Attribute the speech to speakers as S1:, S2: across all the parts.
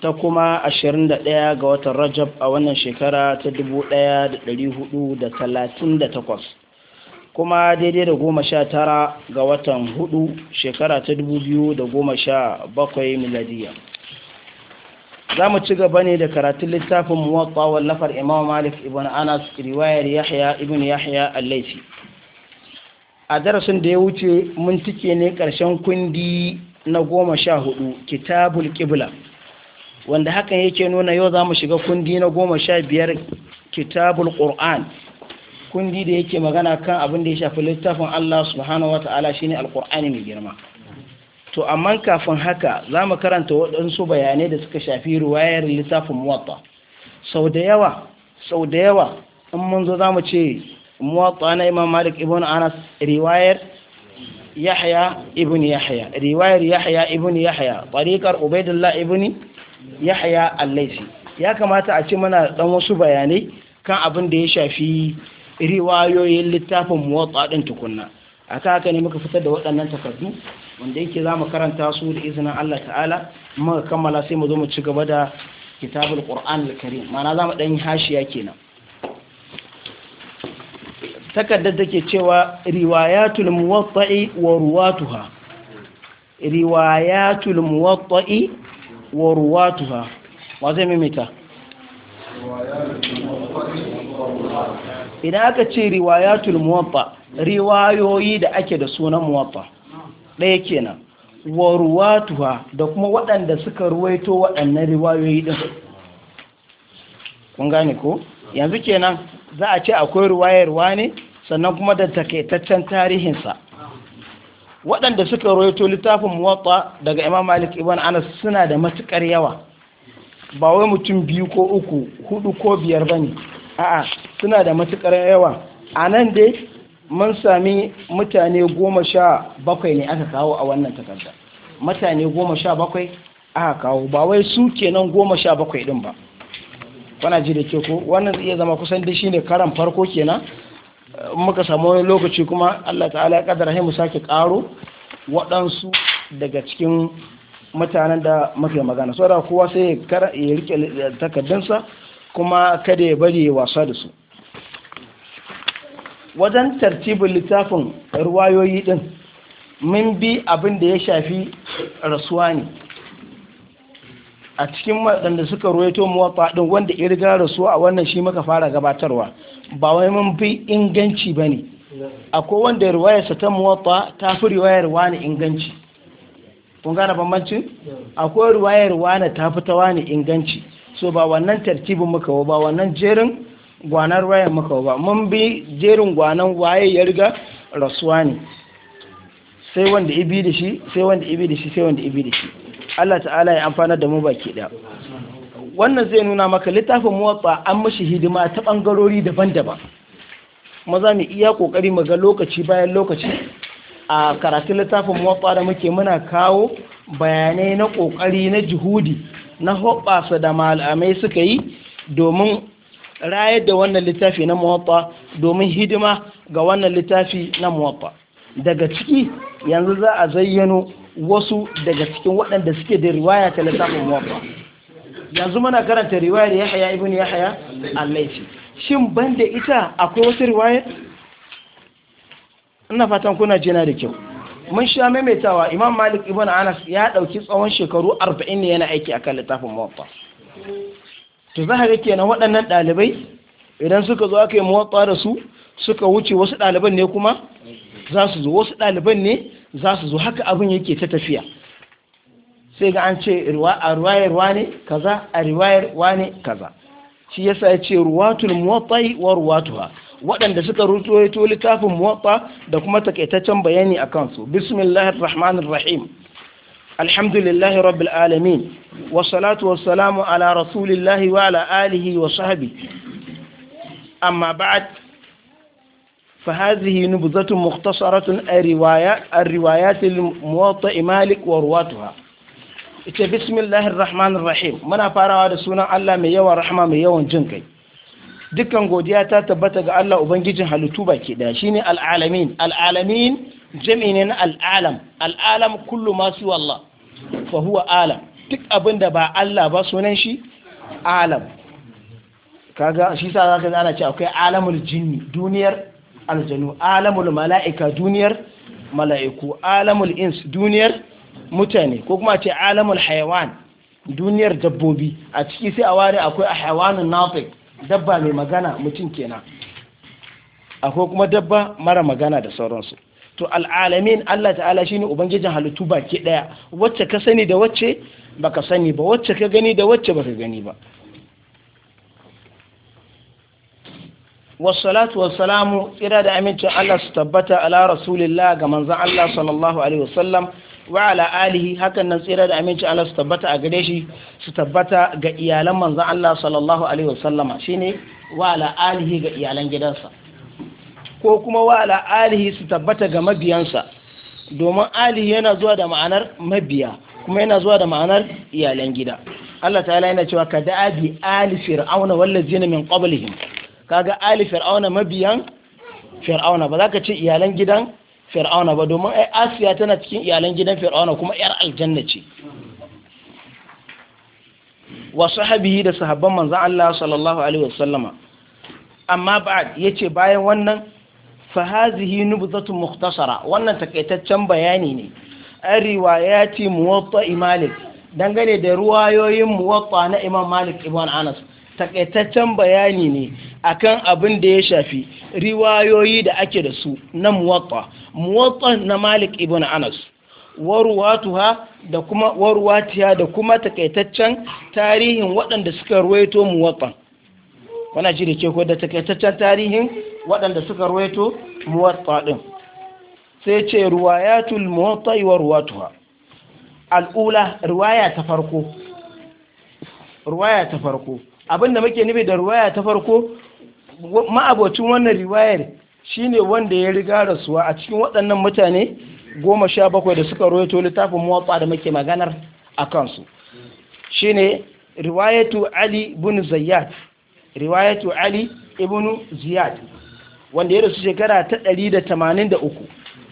S1: ta kuma 21 ga watan rajab a wannan shekara ta 1438 kuma daidai da goma sha tara ga watan hudu shekara ta 2017 miladiya za mu ci gaba ne da karatun littafin muwatsa wallafar imam malik ibn anas riwayar yahya ibn yahya al a darasin da ya wuce mun tike ne ƙarshen kundi na goma sha hudu kitabul ƙibla. wanda hakan yake nuna yau za mu shiga kundi na goma sha biyar kitabul ƙor'an kundi da yake magana kan abin da ya shafi littafin Allah subhanahu wa ta'ala shine alƙor'ani mai girma to amma kafin haka za mu karanta waɗansu bayanai da suka shafi ruwayar littafin muwatta sau da yawa sau da yawa in mun zo za mu ce muwatta na imam malik ibn anas riwayar yahya ibn yahya riwayar yahya ibn yahya tariqar ubaidullah ibn yahya allaisi ya kamata a ce mana dan wasu bayanai kan abin da ya shafi riwayoyin littafin muwatsa ɗin tukunna aka haka ne muka fitar da waɗannan takardu wanda yake za mu karanta su da izinin Allah ta'ala muka kammala sai mu zo mu ci gaba da kitabul qur'an al-karim mana za mu dan yi hashiya kenan takardar take cewa riwayatul muwatta'i wa ruwatuha riwayatul muwatta'i wa ruwatuha mimita idan aka ce riwayatul muwatta riwayoyi da ake da sunan muwatta ɗaya kenan wa da kuma waɗanda suka ruwaito waɗannan riwayoyi ɗin kun gane ko yanzu kenan za a ce akwai ruwayarwa ne sannan kuma da takaitaccen tarihinsa waɗanda suka roito littafin muwatsa daga imam malik ibn anas suna da matukar yawa ba wai mutum biyu ko uku hudu ko biyar ba ne. a'a suna da matukar yawa a nan dai mun sami mutane goma sha bakwai ne aka kawo a wannan takarda mutane goma sha bakwai aka kawo ba wai su kenan goma sha bakwai din ba kana ji da ke ko wannan iya zama kusan da shine karan farko kenan muka samu wani lokaci kuma Allah ta'ala ya kaddara mu sake karo waɗansu daga cikin mutanen da muka magana so da kowa sai ya rike takardunsa kuma kada ya bari ya wasa da su wajen tartibin littafin ruwayoyi din mun bi abin da ya shafi rasuwa ne a cikin waɗanda suka ruwaito muwafa ɗin wanda ya riga rasuwa a wannan shi muka fara gabatarwa ba wai mun fi inganci ba ne akwai wanda riwayarsa ta muwatta ta fi riwayar wani inganci kun gane bambancin akwai riwayar wani ta fi ta wani inganci so ba wannan tartibin muka ba wannan jerin gwanar wayar muka ba mun bi jerin gwanan waye ya riga rasuwa ne sai wanda ibi da shi sai wanda ibi da shi sai wanda ibi da shi Allah ta'ala ya amfana da mu baki daya wannan zai nuna maka littafin muwatsa an mashi hidima ta ɓangarori daban-daban maza mu iya ƙoƙari mu ga lokaci bayan lokaci a karatun littafin muwatsa da muke muna kawo bayanai na ƙoƙari na jihudi na hoɓɓasa da malamai suka yi domin rayar da wannan littafi na muwatsa domin hidima ga wannan littafi na muwatsa daga ciki yanzu za a zayyano wasu daga cikin waɗanda suke da riwaya ta littafin muwatsa yanzu muna karanta riwayar haya ibn Yahaya al-laifi shin banda ita akwai wasu riwayar ina fatan kuna jina da kyau mun sha maimaitawa imam malik ibn anas ya dauki tsawon shekaru 40 ne yana aiki akan littafin muwatta to za ga kenan waɗannan ɗalibai idan suka zo aka yi muwatta da su suka wuce wasu ɗaliban ne kuma za su zo wasu ɗaliban ne za su zo haka abin yake ta tafiya sai ga an ce a ruwayar wane kaza a ruwayar wane kaza shi yasa ya ce ruwatul muwattai wa ruwatuha waɗanda suka ruwaito littafin muwatta da kuma takaitaccen bayani a kansu bismillahir rahmanir rahim alhamdulillahi rabbil alamin wassalatu wassalamu ala rasulillahi wa ala alihi wa sahbi amma ba'd فهذه نبذة مختصرة الروايات الروايات malik مالك ورواتها ita bismillahir rahmanir rahim muna farawa da sunan Allah mai yawan rahama mai yawan jin kai dukan godiya ta tabbata ga Allah ubangijin halittu baki da shine al'alamin al'alamin jami'in ne na al'alam al'alam kullu ma su wallah fa huwa alam duk abinda ba Allah ba sunan shi alam kaga shi sa zaka ana cewa akwai alamul jinni duniyar aljanu alamul mala'ika duniyar mala'iku alamul ins duniyar mutane ko kuma ce alamul hayawan duniyar dabbobi a ciki sai a ware akwai a hayawanin nafik dabba mai magana mutum kenan akwai kuma dabba mara magana da sauransu to al'alamin Allah ta'ala shi ne ubangijin halittu baki daya wacce ka sani da wacce baka sani ba wacce ka gani da wacce baka gani ba wasu wassalamu tsira da amincin Allah su tabbata ala rasulillah ga manzan Allah sallallahu alaihi wasallam wa ala alihi hakan nan tsira da aminci Allah su tabbata a gare shi su tabbata ga iyalan manzon Allah sallallahu alaihi wasallama shine wa ala alihi ga iyalan gidansa ko kuma wa ala alihi su tabbata ga mabiyansa domin ali yana zuwa da ma'anar mabiya kuma yana zuwa da ma'anar iyalan gida Allah ta'ala yana cewa ka da'a bi ali fir'auna wallazina min qablihim kaga ali fir'auna mabiyan fir'auna ba za ka ce iyalan gidan fir'auna ba domin ai asiya tana cikin iyalan gidan fir'auna kuma yar aljanna ce wa sahabihi da sahabban manzon Allah sallallahu alaihi amma ba'ad yace bayan wannan fa hazihi nubdatu mukhtasara wannan takaitaccen bayani ne an riwayati muwatta malik dangane da ruwayoyin muwatta na imam malik ibn anas takaitaccen bayani ne akan abin da ya shafi riwayoyi da ake da su na muwatta muwatta na malik ibn anas waruwatuha da kuma waruwatiya da kuma takaitaccen tarihin waɗanda suka ruwaito muwatta wana ji da ke ko da takaitaccen tarihin waɗanda suka ruwaito muwatta din sai ce ruwayatul muwatta wa ruwatuha al'ula ruwaya ta farko ruwaya ta farko abinda muke nufi da ruwaya ta farko ma'abocin wannan riwayar shine wanda ya riga rasuwa a cikin waɗannan mutane goma sha bakwai da suka roito littafin muwatsa da muke maganar a kansu shine riwayatu ali ibn zayyad riwayatu ali ibn ziyad wanda ya rasu shekara ta 183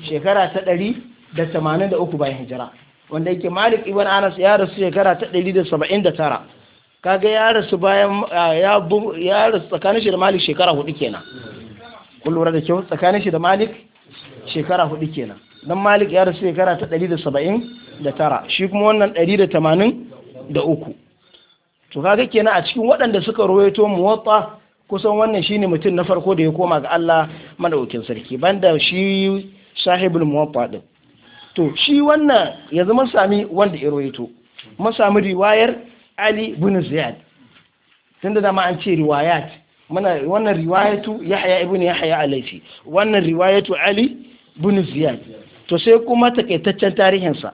S1: shekara ta 183 bayan hijira wanda yake malik ibn anas ya rasu shekara ta 179 kaga ya rasu bayan ya rasu tsakanin shi da malik shekara hudu kenan kun da kyau tsakanin shi da malik shekara hudu kenan dan malik ya rasu shekara ta ɗari da saba'in da tara shi kuma wannan ɗari da tamanin da uku to kaga kenan a cikin waɗanda suka rawaito muwatta kusan wannan shine mutum na farko da ya koma ga Allah madaukin sarki banda shi sahibul muwatta din to shi wannan yanzu zama sami wanda ya rawaito mun sami riwayar ali bin ziyad tunda ma an ce riwayat mana wannan riwayatu yahya ibn yahya al-laifi wannan riwayatu ali bin ziyad to sai kuma takaitaccen tarihin sa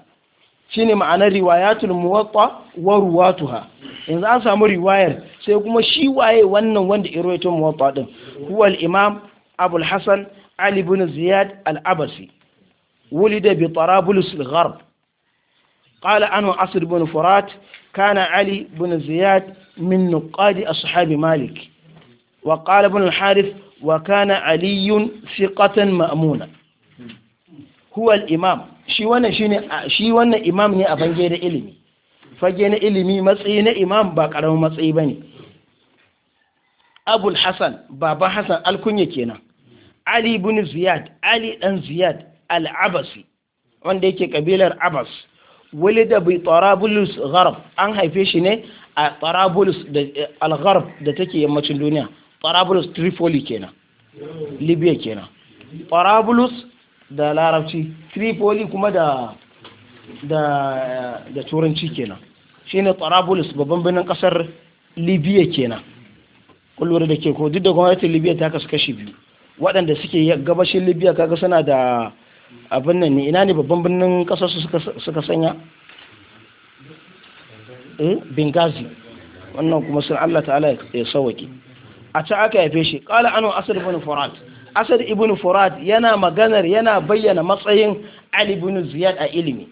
S1: shine ma'anar riwayatul muwatta wa ruwatuha yanzu an samu riwayar sai kuma shi waye wannan wanda irwaito muwatta din huwa al-imam Abulhassan hasan ali bin ziyad al-abasi ولد بطرابلس الغرب قال أنه أسد بن فرات kana ali bin ziyad min nuqadi ashabi malik wa qala ibn al-harith wa kana ali thiqatan ma'muna Huwal imam shi wannan imam ne a bange da ilimi fage na ilimi matsayi na imam ba karamin matsayi bane abul hasan baban hasan alkunya kenan ali bin ziyad ali dan ziyad al-abasi wanda yake kabilar abas bi tarabulus غرب an haife shi ne a Tarabulus da gharb da take yammacin duniya Tarabulus Tripoli kenan Libya kenan Tarabulus da Larabci Tripoli kuma da da da Turanci kenan shine Tarabulus babban birnin kasar Libya kenan kullure da ke ko duk da gwamnatin Libya ta kasu kashi biyu waɗanda suke gabashin Libya kaga suna da abin nan ne ina ne babban birnin kasar suka sanya eh, bengazi wannan kuma sun Allah ta'ala ya sauwake a ta aka haife shi kala anu asad ibn furat asad ibn furat yana maganar yana bayyana matsayin ali ibn ziyad a ilimi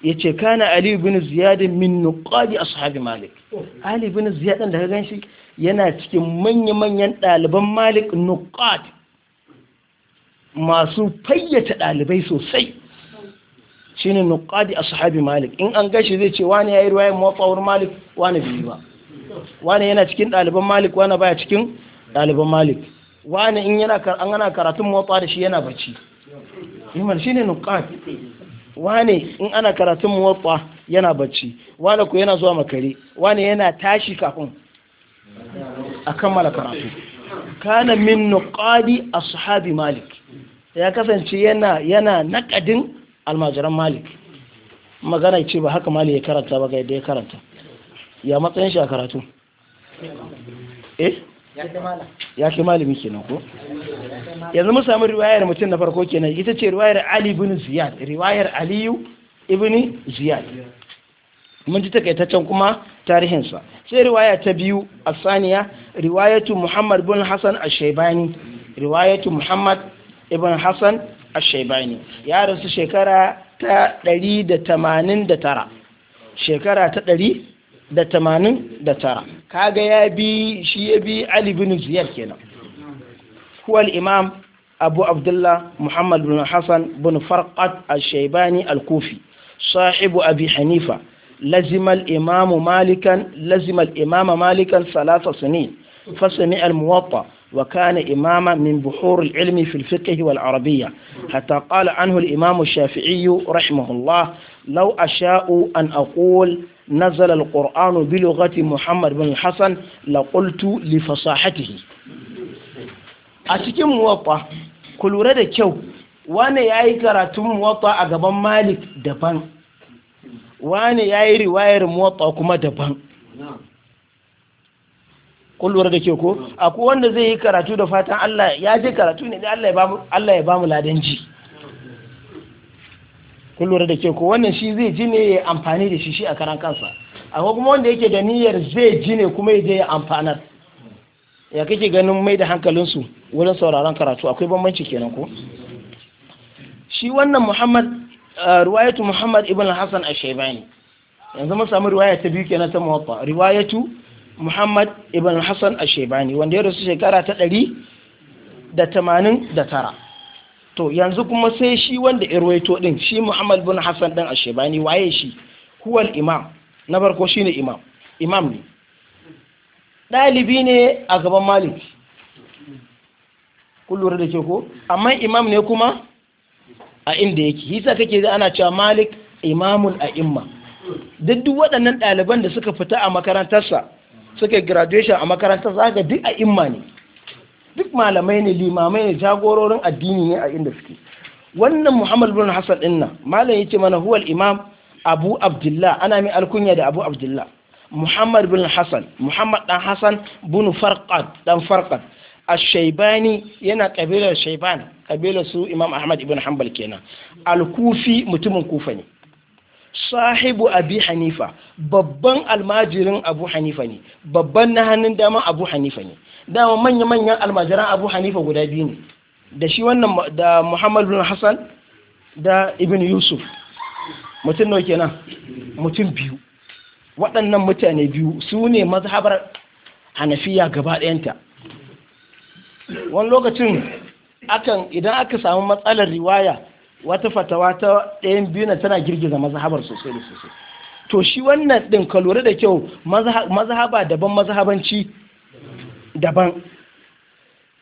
S1: Ya ce, kana ali ibn ziyad min nuqadi ashabi malik ali ibn ziyad da ka ganshi yana cikin manya-manyan ɗaliban malik nuqadi masu fayyace ɗalibai sosai shine a sahabi malik in an gashi zai ce wani yayi ruwayen muwaffaqur malik wani biyu ba wani yana cikin ɗaliban malik wani baya cikin ɗaliban malik wani in yana an ana karatun muwatta da shi yana bacci iman shine nukadi wani in ana karatun muwatta yana bacci wani ku yana zuwa makare wani yana tashi kafin a kammala karatu kana min nuqadi ashabi malik ya kasance yana yana naqadin almajiran malik magana ce ba haka malik ya karanta ba ga yadda ya karanta ya matsayin shi a karatu eh ya ke malami kenan ko yanzu mun samu riwayar mutum na farko kenan ita ce riwayar ali ibn ziyad riwayar aliyu ibn ziyad mun ji takaitaccen kuma tarihinsa sai riwaya ta biyu a saniya riwayatu muhammad bin hassan a shaibani riwayatu muhammad ibn hassan a shaibani ya rasu shekara ta 189 shekara ta 189 kaga ya bi shi ya bi ali bin ziyar kenan huwa imam abu abdullah muhammad bin hassan bin farqat a shaibani al-kufi sahibu abi hanifa لزم الإمام مالكا لزم الإمام مالكا ثلاث سنين فسمع الموطأ وكان إماما من بحور العلم في الفقه والعربية حتى قال عنه الإمام الشافعي رحمه الله لو أشاء أن أقول نزل القرآن بلغة محمد بن الحسن لقلت لفصاحته أتكي موطأ كل ورد كيو وانا يأي كراتم موطأ أقبان مالك دبان wani ya yi riwayar motsa kuma daban kun da ke ko akwai wanda zai yi karatu da fatan Allah ya je karatu ne da Allah ya ba mu ladan ji lura da ke ko wannan shi zai ji ne ya amfani da shi shi a karan kansa akwai kuma wanda yake da niyyar zai ji ne kuma ya je ya amfanar ya kake ganin mai da hankalinsu wurin sauraron karatu akwai bambanci kenan ko shi wannan Muhammad riwayatu Muhammad ibn Hassan al-Shaybani yanzu mun samu riwaya ta biyu kenan ta Muwatta riwayatu Muhammad ibn Hassan al-Shaybani wanda ya rasu shekara ta ɗari da tamanin da tara to yanzu kuma sai shi wanda ya ruwaito din shi Muhammad ibn Hassan din al-Shaybani waye shi kuwal imam na farko shine imam imam ne ɗalibi ne a gaban Malik kullum da ke ko amma imam ne kuma a inda yake hisa kake da ana cewa malik imamun a imma duk duk waɗannan ɗaliban da suka fita a makarantarsa suka graduation a makarantar za ga duk a imma ne duk malamai ne limamai ne jagororin addini ne a inda suke wannan muhammad bin hassan ɗin malam yace mana huwal imam abu abdullah ana mai alkunya da abu abdullah muhammad bin hassan muhammad dan hassan bin farqad dan farqad yana ينا قبيلة الشيبان قبيلة Imam Ahmad أحمد Hambal kenan, كينا الكوفي متم كوفني sahibu abi hanifa, babban almajirin abu hanifa ne babban na hannun dama abu hanifa ne dama manya-manyan almajiran abu hanifa guda biyu ne da shi wannan da muhammad bin hassan da ibn yusuf mutum nau kenan mutum biyu waɗannan mutane biyu sune mazhabar hanafiya gaba ɗayanta wani lokacin akan idan aka samu matsalar riwaya wata fatawa ta ɗayan biyu na tana girgiza mazhabar sosai da sosai to shi wannan ɗin ka lura da kyau mazhaba daban mazhabanci daban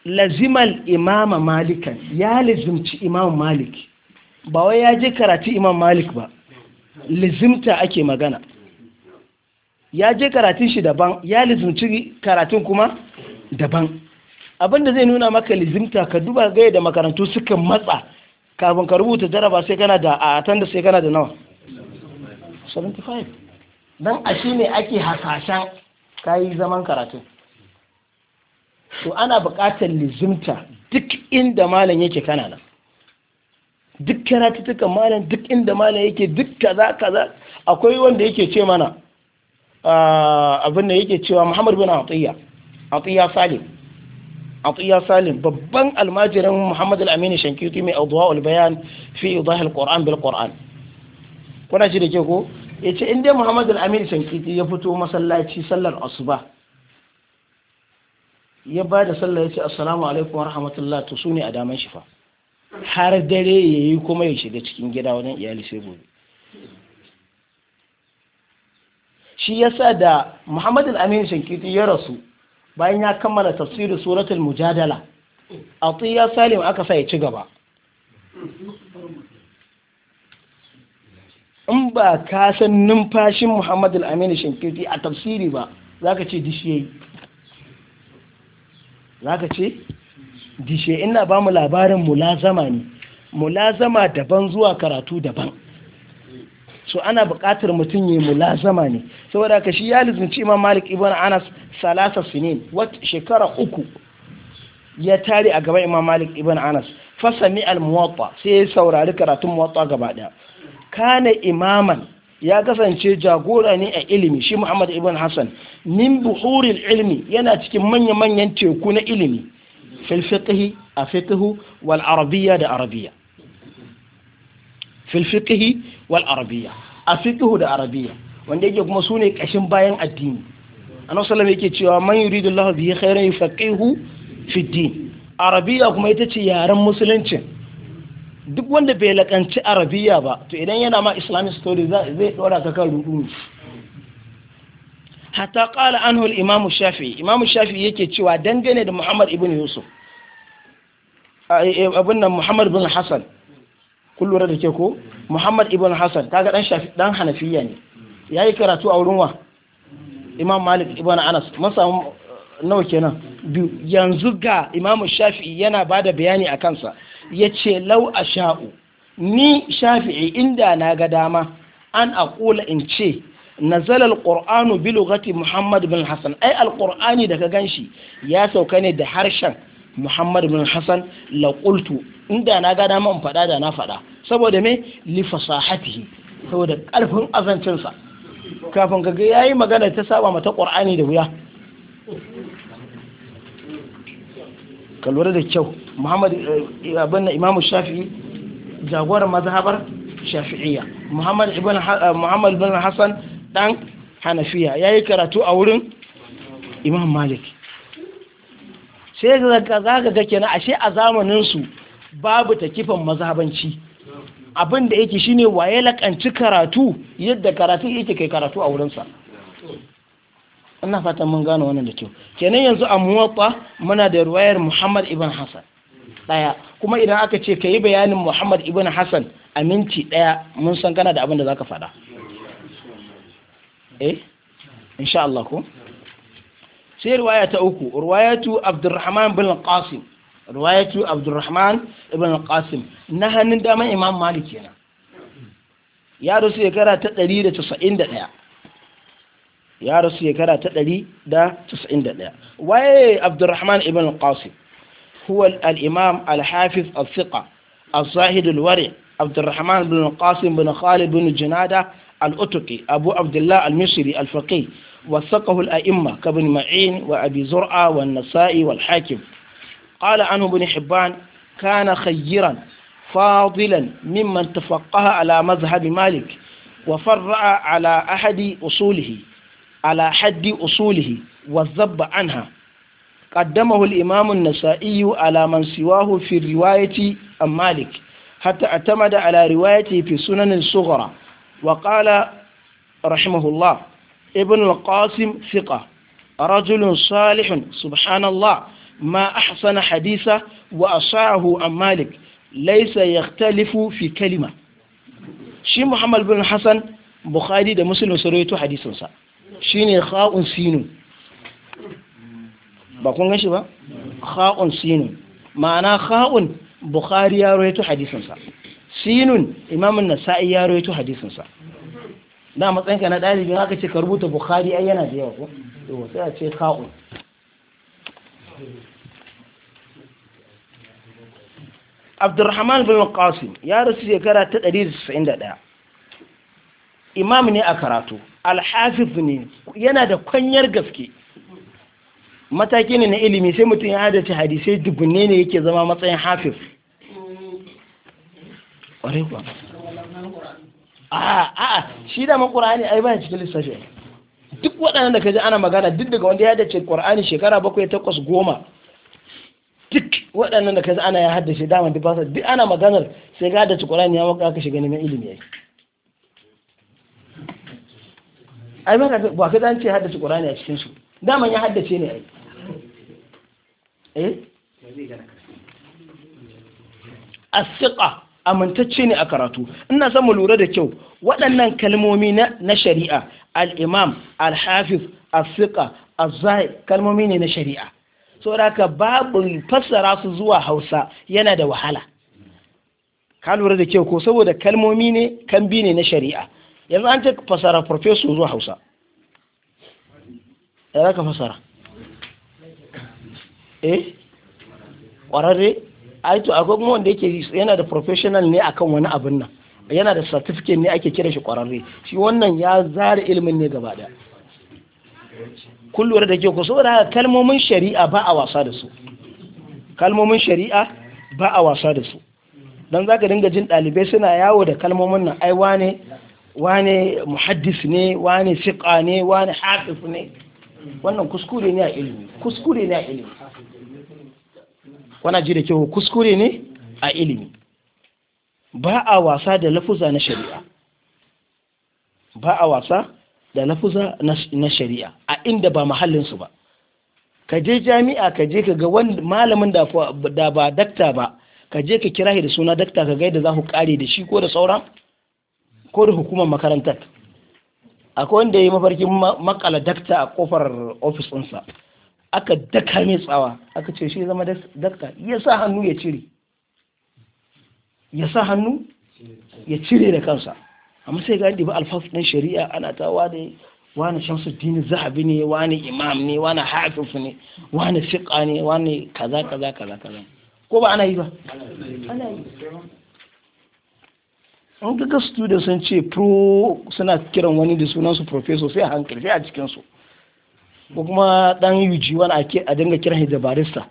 S1: lazimal imama malikan ya lazimci imam malik ba wai ya je karatu imam malik ba lazimta ake magana ya je karatun shi daban ya lazimci karatun kuma daban abin da zai nuna maka lizimta ka duba gaya da makarantu suka matsa kafin ka rubuta jaraba sai kana da a atan da sai kana da nawa 75 don a shi ne ake hasashen kayi zaman karatu to ana buƙatar lizimta duk inda malam yake kana nan duk karatutukan malam duk inda malam yake duk kaza kaza akwai wanda yake ce mana ah, abin da yake cewa Muhammad bin Atiyya Atiyya Salim babban سالم ببن الماجر محمد mai auduwa من fi البيان في إيضاح bil بالقرآن kuna shi da ke ko ya ce inda muhammadu al'amir shankiti ya fito masallaci sallar asuba ya ba da sallar ya ce assalamu alaikum rahmatullah to su ne a daman shifa har dare ya yi kuma ya shiga cikin gida wajen iyali sai gobe shi yasa da muhammadu amin shankiti ya rasu bayan ya kammala tafsirin suratul mujadala atiya salim aka sa ya ci gaba in ba ka san numfashin muhammad al-amin shinkiti a tafsiri ba za ka ce dishe? za ce dishe ina ba mu labarin mulazama ne mulazama daban zuwa karatu daban so ana buƙatar mutum ya mulazama ne saboda ka shi ya lizinci imam malik ibn anas salasa sinin wat shekara uku ya tare a gaban imam malik ibn anas fasami al muwatta sai ya saurari karatun muwatta gaba daya kana imaman ya kasance jagora ne a ilimi shi muhammad ibn hassan min buhuril ilmi yana cikin manya-manyan teku na ilimi fil fiqhi a fiqhu wal arabiyya da arabiyya fil fiqhi wal arabiyya a fiqhu da arabiya wanda yake kuma sune kashin bayan addini annabi sallallahu yake cewa man yuridu Allahu bihi khairan yufaqihu fi din arabiya kuma ita ce yaren musulunci duk wanda bai lakanci arabiya ba to idan yana ma islamic story zai dora ka kan rudu hatta qala anhu al-imam shafi'i imam shafi'i yake cewa dangane da muhammad ibn yusuf abin nan muhammad bin hassan kun da ke ko Muhammad ibn Hassan kaga dan shafi dan Hanafiya ne yayi karatu a wurin wa Imam Malik ibn Anas mun samu uh, nawa kenan yanzu ga Imam Shafi'i yana da bayani a kansa Ya lau a sha'u, ni Shafi'i inda na ga dama an aqula in ce nazalal alqur'anu bi lughati Muhammad Bin Hassan ai alqur'ani daga ganshi ya sauka ne da harshen muhammad bin hassan laƙultu inda na ga dama in faɗa da na faɗa saboda me li fasahatihi saboda ƙarfin azancinsa kafin ka ga yayi magana ta saba mata ƙur'ani da wuya Kalwar da kyau muhammad eh, na imamu shafi'i jagoran mazhabar shafi'iyya muhammad ibn eh, muhammad bin hassan dan hanafiya yayi karatu a wurin imam malik sai za ka ga kenan ashe a zamanin su babu kifan mazhabanci abin da yake shine waye lakanci karatu yadda karatu yake kai karatu a wurinsa ina fatan mun gano wannan da kyau kenan yanzu a muwatta muna da ruwayar Muhammad ibn Hassan daya kuma idan aka ce kai bayanin Muhammad ibn Hassan a minti daya mun san kana da abin da zaka faɗa eh insha Allah ko sai riwaya ta uku riwayatu abdurrahman bin qasim riwayatu abdurrahman ibn qasim na hannun daman imam malik kenan ya rasu shekara ta 191 ya rasu shekara ta 191 waye abdurrahman ibn qasim huwa al-imam al-hafiz al-thiqa al-zahid al-wari abdurrahman ibn qasim bin khalid bin junada al-utqi abu abdullah al-misri al-faqih وثقه الأئمة كابن معين وأبي زرعة والنسائي والحاكم قال عنه ابن حبان كان خيرا فاضلا ممن تفقه على مذهب مالك وفرع على أحد أصوله على حد أصوله والذب عنها قدمه الإمام النسائي على من سواه في الرواية عن مالك حتى اعتمد على روايته في سنن الصغرى وقال رحمه الله ibn al-qasim fiqa rajulun salihun subhanallah ma ahsana hadisa wa asahu an malik laisa yakhtalifu fi kalima shi muhammad bin hassan bukhari da muslim su rawaito hadisinsa shine kha'un sinun ba kun gan ba kha'un ma'ana kha'un bukhari ya rawaito hadisinsa sinun imamun nasa'i ya rawaito hadisinsa da matsayin ka na ɗalibin haka ce ka rubuta bukhari ai yana da yawa ko to sai a ce ka'un Abdurrahman bin Qasim ya rasu shekara ta 191 imam ne a karatu Alhafif ne yana da kwanyar gaske mataki ne na ilimi sai mutum ya adace hadisai dubunne ne yake zama matsayin hafiz ƙwarai kuwa a'a shi da man qur'ani ai bayan cikin lissafi duk waɗannan da kaji ana magana duk daga wanda ya dace qur'ani shekara bakwai takwas goma duk waɗannan da kaji ana ya haddace dama duk basa duk ana maganar sai ga haddace qur'ani ya maka ka shiga neman ilimi ai ai ba ka ba ka dan ce haddace qur'ani a cikin su daman ya haddace ne ai eh as-siqa amintacce ne a karatu ina son mu lura da kyau waɗannan kalmomi na shari'a al-imam al-hafiz al-fiqa kalmomi ne na shari'a saboda babu fassara su zuwa Hausa yana da wahala ka lura da kyau ko saboda kalmomi ne kambi ne na shari'a yanzu an ce fassara professor zuwa Hausa ya za ka fassara eh ƙwararre ai to akwai kuma wanda yake yana da professional ne akan wani abin nan yana da certificate ne ake kira shi kwararre shi wannan ya zara ilimin ne gaba daya kullum da ke ku saboda kalmomin shari'a ba a wasa da su kalmomin shari'a ba a wasa da su dan zaka dinga jin dalibai suna yawo da kalmomin nan ai wane wane muhaddis ne wane fiqa ne wane hafiz ne wannan kuskure ne a ilimi kuskure ne a ilimi wana ji da kyau kuskure ne a ilimi ba a wasa da lafuza na shari'a ba a wasa da lafuza na shari'a a inda ba mahallinsu ba ka je jami'a ka je ka ga malamin da ba dakta ba ka je ka kira da suna dakta ka gai da za ku kare da shi ko da sauran ko da hukumar makarantar akwai wanda ya yi mafarkin makala dakta a kofar ofis ɗinsa aka daka mai tsawa aka ce shi zama daka ya sa hannu ya cire ya sa hannu ya cire da kansa amma sai ga ba alfaf ɗin shari'a ana ta wani wani shamsuddin zahabi ne wani imam ne wani hafiz ne wani fiqa ne wani kaza kaza kaza kaza ko ba ana yi ba ana yi An ka ga students sun ce pro suna kiran wani da sunan su professor sai a hankali sai a cikin su ko kuma ɗan yuji wani a dinga kiran shi da barista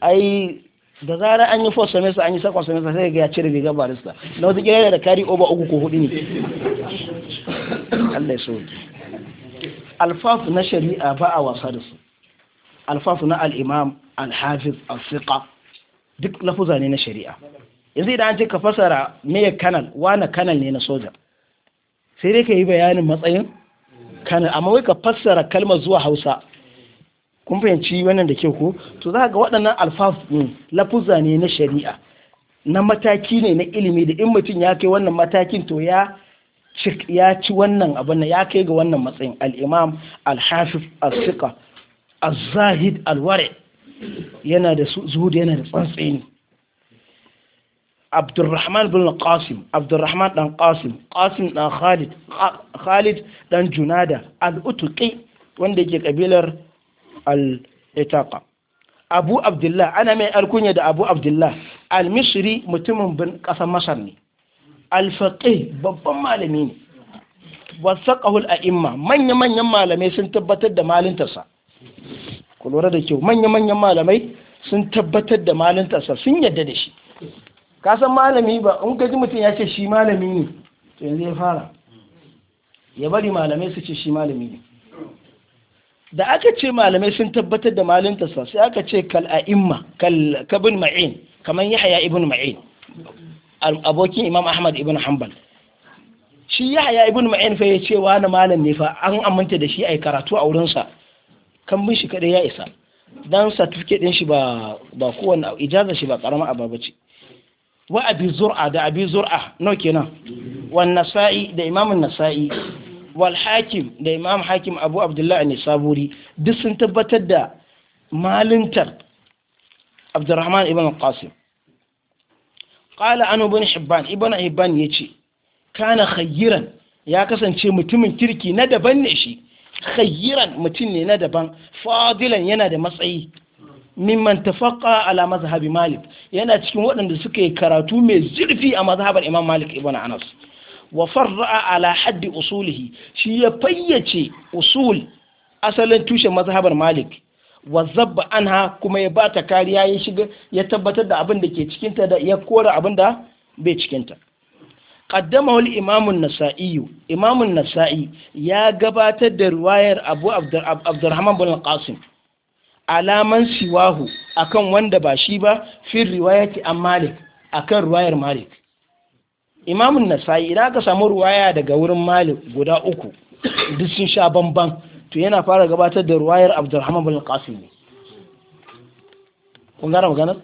S1: ai da zarar an yi first semester an yi second semester sai ga ya cire riga barista na wata kira da kari over uku ko hudu ne Allah ya alfafu na shari'a ba a wasa da su alfafu na al-imam al-hafiz al duk lafuza ne na shari'a yanzu idan an ce ka fasara me kanal wana kanal ne na soja sai dai ka yi bayanin matsayin kana amma wai ka fassara kalmar zuwa hausa kun fahimci wannan da ke ku to za ga waɗannan alfafu lafuza ne na shari'a na mataki ne na ilimi da in mutum ya kai wannan matakin to ya ya ci wannan abin ya kai ga wannan matsayin al-imam al-hafiz al-siqa al-zahid al-wari yana da zuhud yana da tsantseni Abdulrahman bin qasim abdurrahman dan qasim qasim dan khalid khalid dan junada al wanda yake kabilar al-itaqa abu abdullah ana mai alkunya da abu abdullah al-misri mutumin bin kasar masar ne al-faqih babban malami ne wasaqahu al-a'imma manya manyan malamai sun tabbatar da malintarsa ku lura da kyau manya manyan malamai sun tabbatar da malintarsa sun yadda da shi ka san malami ba in ka ji mutum ya ce shi malami ne to yanzu ya fara ya bari malamai su ce shi malami ne da aka ce malamai sun tabbatar da sa sai aka ce kal a'imma kal kabin ma'in kamar yahya ibn ma'in abokin imam ahmad ibn hanbal shi yahya ibn ma'in fa ya ce na malam ne fa an aminta da shi ai karatu a wurinsa kan bin shi kadai ya isa dan certificate din shi ba ba kowanne ijaza shi ba karama ababace wa abi zur'a da abi zur'a no kenan wan nasa'i da imam nasa'i wal hakim da imam hakim abu abdullahi ne saburi duk sun tabbatar da malintar abdurrahman ibn qasim qala an ibn hibban ibn hibban yace kana khayran ya kasance mutumin kirki na daban ne shi khayran mutum ne na daban fadilan yana da matsayi mimman tafaqqa ala mazhabi malik yana cikin waɗanda suka yi karatu mai zurfi a mazhabar imam malik ibn anas wa farra'a ala haddi usulihi shi ya fayyace usul asalin tushen mazhabar malik wa zabba anha kuma ya bata kariya ya shiga ya tabbatar da abin da ke cikinta da ya kora abin da bai cikinta qaddamahu al-imam an-nasa'i imam nasai imam an nasai ya gabatar da riwayar abu abdurrahman bin qasim alaman siwahu akan wanda ba shi ba fi riwayati an malik akan ruwayar malik imamun nasa'i idan aka samu ruwaya daga wurin malik guda uku duk sun sha bamban to yana fara gabatar da ruwayar abdulrahman bin qasim ne kun gane maganar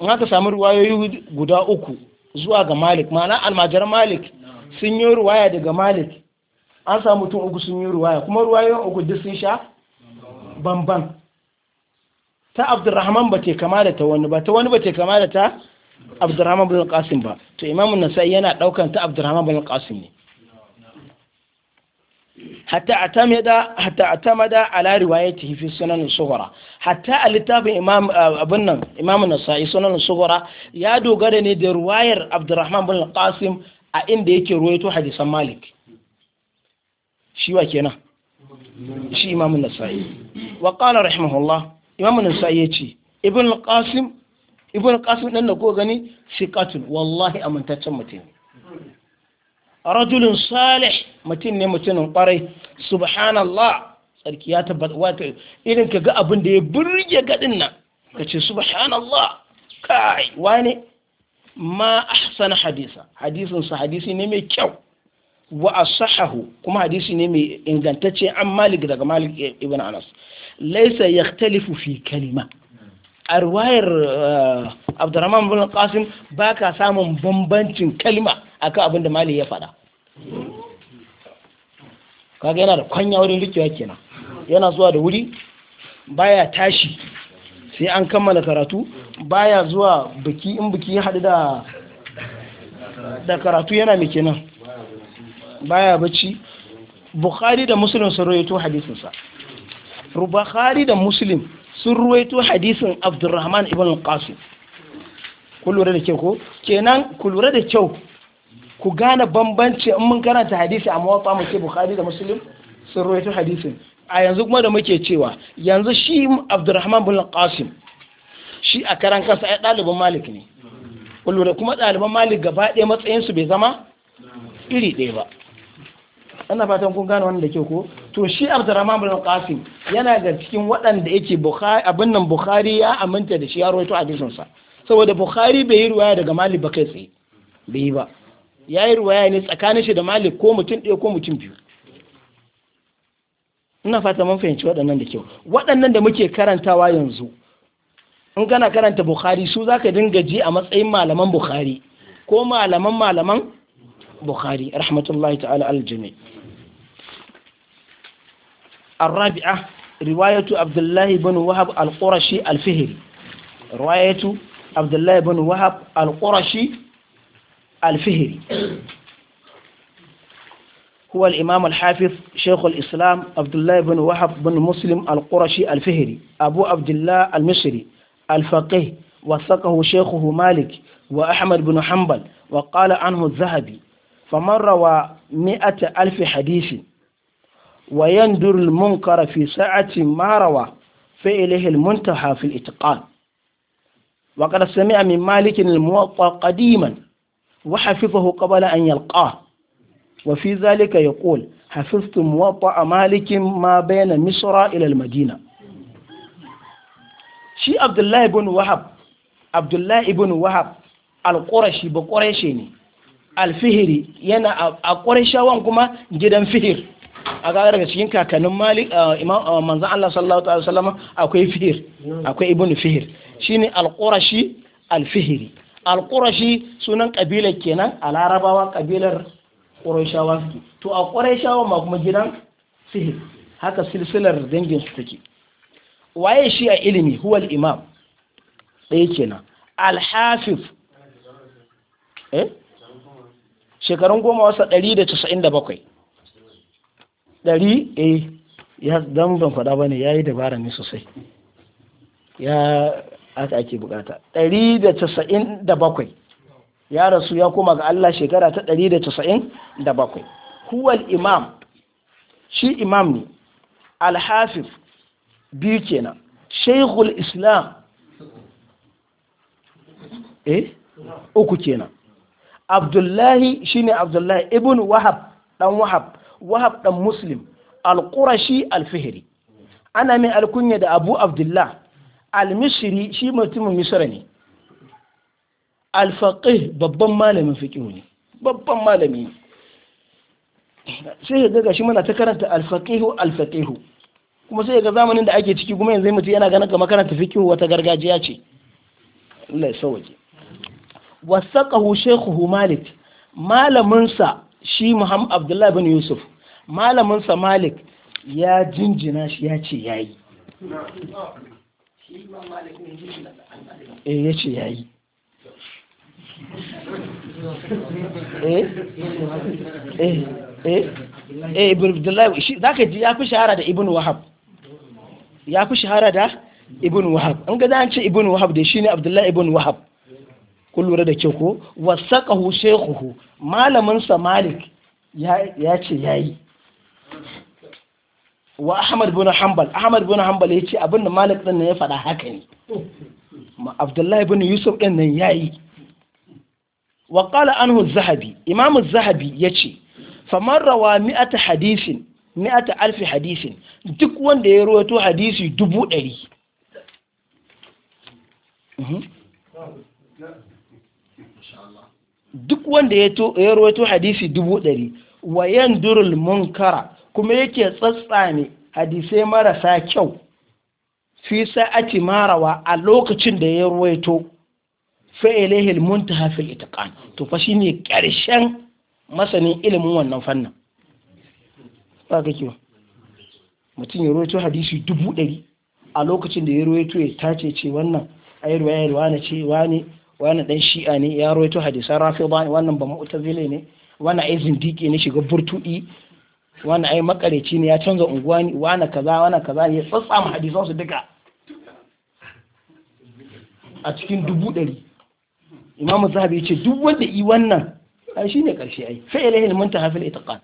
S1: in aka samu ruwayoyi guda uku zuwa ga malik ma'ana almajar malik sun yi ruwaya daga malik an samu mutum uku sun yi ruwaya kuma ruwayoyin uku duk sun sha bamban ta abdurrahman ba ce kama da ta wani ba ta wani ba ce kama da ta abdurrahman bin qasim ba to imamu nasai yana daukan ta abdurrahman bin qasim ne hatta atamada hatta atamada ala riwayatihi fi sunan sughra hatta al-littafin imam eh, abun nan imamu nasai sunan sughra ya dogara ne da riwayar abdurrahman bin qasim a inda yake ruwaito hadisan malik shi wa kenan shi imamu nasai wa qala rahimahullah imam sa'i ya ce ibn qasim ibn qasim dan da ko gani siqatun wallahi amintaccen mutum rajulun salih mutum ne mutumin kwarai subhanallah sarki ya tabbata wato irin ka ga abin da ya burge gadin nan ka ce subhanallah kai wani ma ahsana hadisa hadisin hadisi ne mai kyau wa asahahu kuma hadisi ne mai ingantacce an malik daga malik ibn anas laisa yaktalifu fi kalima a ruwayar abdurrahman bin qasim ba ka samun bambancin kalima akan abin da mali ya faɗa kaga yana da kwanya wurin rikewa kenan yana zuwa da wuri baya tashi sai an kammala karatu baya zuwa biki in biki ya haɗu da karatu yana mai kenan baya bacci bukhari da muslim sun rawaito hadisinsa bukhari da muslim sun ruwaito hadisin abdurrahman ibn qasim ku lura da kyau ko kenan ku lura da kyau ku gane bambanci in mun karanta hadisi a mawafa mu ce bukhari da muslim sun ruwaito hadisin a yanzu kuma da muke cewa yanzu shi abdurrahman bin qasim shi a karan kansa ya ɗaliban malik ne ku lura kuma ɗaliban malik gaba ɗaya matsayin su bai zama iri ɗaya ba ina fatan kun gane wannan da ke ko to shi Abdurrahman bin Qasim yana ga cikin waɗanda yake Bukhari abin nan Bukhari ya aminta da shi ya rawaito hadisin sa saboda Bukhari bai yi ruwaya daga Malik bakai tsaye bai yi ba ya yi ruwaya ne tsakanin shi da Malik ko mutum ɗaya ko mutum biyu ina fata mun fahimci waɗannan da kyau waɗannan da muke karantawa yanzu in kana karanta Bukhari su zaka dinga ji a matsayin malaman Bukhari ko malaman malaman البخاري رحمة الله تعالى على الجميع الرابعة رواية عبد الله بن وهب القرشي الفهري رواية عبد الله بن وهب القرشي الفهري هو الإمام الحافظ شيخ الإسلام عبد الله بن وهب بن مسلم القرشي الفهري أبو عبد الله المصري الفقيه وثقه شيخه مالك وأحمد بن حنبل وقال عنه الذهبي faman rawa mi'ata alfi hadisi wa yandur al-munkara fi sa'ati ma rawa fa ilayhi al-muntaha fi al-itqan wa qad sami'a min malik al-muwatta qadiman an yalƙa. wa fi dhalika yaqul hafiztu muwatta malik ma bayna misra ila al-madina shi abdullahi ibn wahab abdullahi ibn wahab al-qurashi ba qurashi ne alfihiri yana a ƙwarishawan kuma gidan fihir a ga daga cikin kakannin malik imam manzon Allah sallallahu alaihi wasallam akwai fihir akwai ibnu fihir shine alqurashi alfihiri alqurashi sunan kabilar kenan a larabawa kabilar suke to a qurashawa ma kuma gidan fihir haka silsilar dangin su take waye shi a ilimi huwa imam ɗaya kenan al-hafiz eh shekarun goma wasa ɗari da casa'in da bakwai ɗari a eh, ya don ban faɗa ba ne ya yi dabara ne sosai ya aka ake bukata ɗari da casa'in da bakwai ya rasu ya koma ga Allah shekara ta ɗari da casa'in da bakwai huwal imam shi imam ne alhafif biyu kenan shaikhul islam eh uku kenan abdullahi shine abdullahi ibn wahab dan wahab wahab dan muslim al-qurashi al-fihri ana mai alkunya da abu abdullah al-misri shi mutumin misra ne al-faqih babban malamin fiqh ne babban malami sai ga gashi muna ta karanta alfaqihu alfaqihu kuma sai ga zamanin da ake ciki kuma yanzu mutum yana ganin kamar makaranta fiqhu wata gargajiya ce Allah ya sauke wasaqahu shaykhuhu malik malaminsa shi muhammad abdullahi bin yusuf malaminsa malik ya jinjina shi ya ce yayi eh ya ce yayi
S2: eh? eh eh
S1: eh ibn abdullahi shi zaka ji ya fi shahara da ibn wahab ya fi shahara da ibn wahab an ga zan ce ibn wahab da shi ne abdullahi ibn wahab kun lura da kyau ko wasaqahu shekuhu malamin malik ya ce yi wa ahmad bin hanbal ahmad bin hanbal ce abinda malik din ya faɗa haka ne ma abdullahi bin yusuf din nan yayi wa qala anhu zahabi imam az-zahabi yace famar rawa mi'ata hadisin mi'ata alfi hadisin duk wanda ya rawaito hadisi dubu ɗari mhm. duk wanda ya rawaito hadisi dubu ɗari wa yan durul munkara kuma yake tsatsame hadisai marasa kyau fi sa'ati marawa a lokacin da ya rawaito fa ilaihi fil itqan to fa shine karshen masanin ilimin wannan fannin ba ka kiwa mutum ya rawaito hadisi dubu ɗari a lokacin da ya rawaito ya tace ce wannan ayarwa ruwa na ce wani wani dan shi'a ne ya roito hadisan rafida ne wannan ba mu'tazile ne wani ai zindiki ne shiga burtudi wani ai makareci ne ya canza unguwa ne wani kaza wani kaza ya tsatsama hadisan su duka a cikin dubu ɗari imamu zahabi ya ce duk wanda yi wannan ai shi ne ƙarshe ai sai ilahi ilmin ta hafil itiqan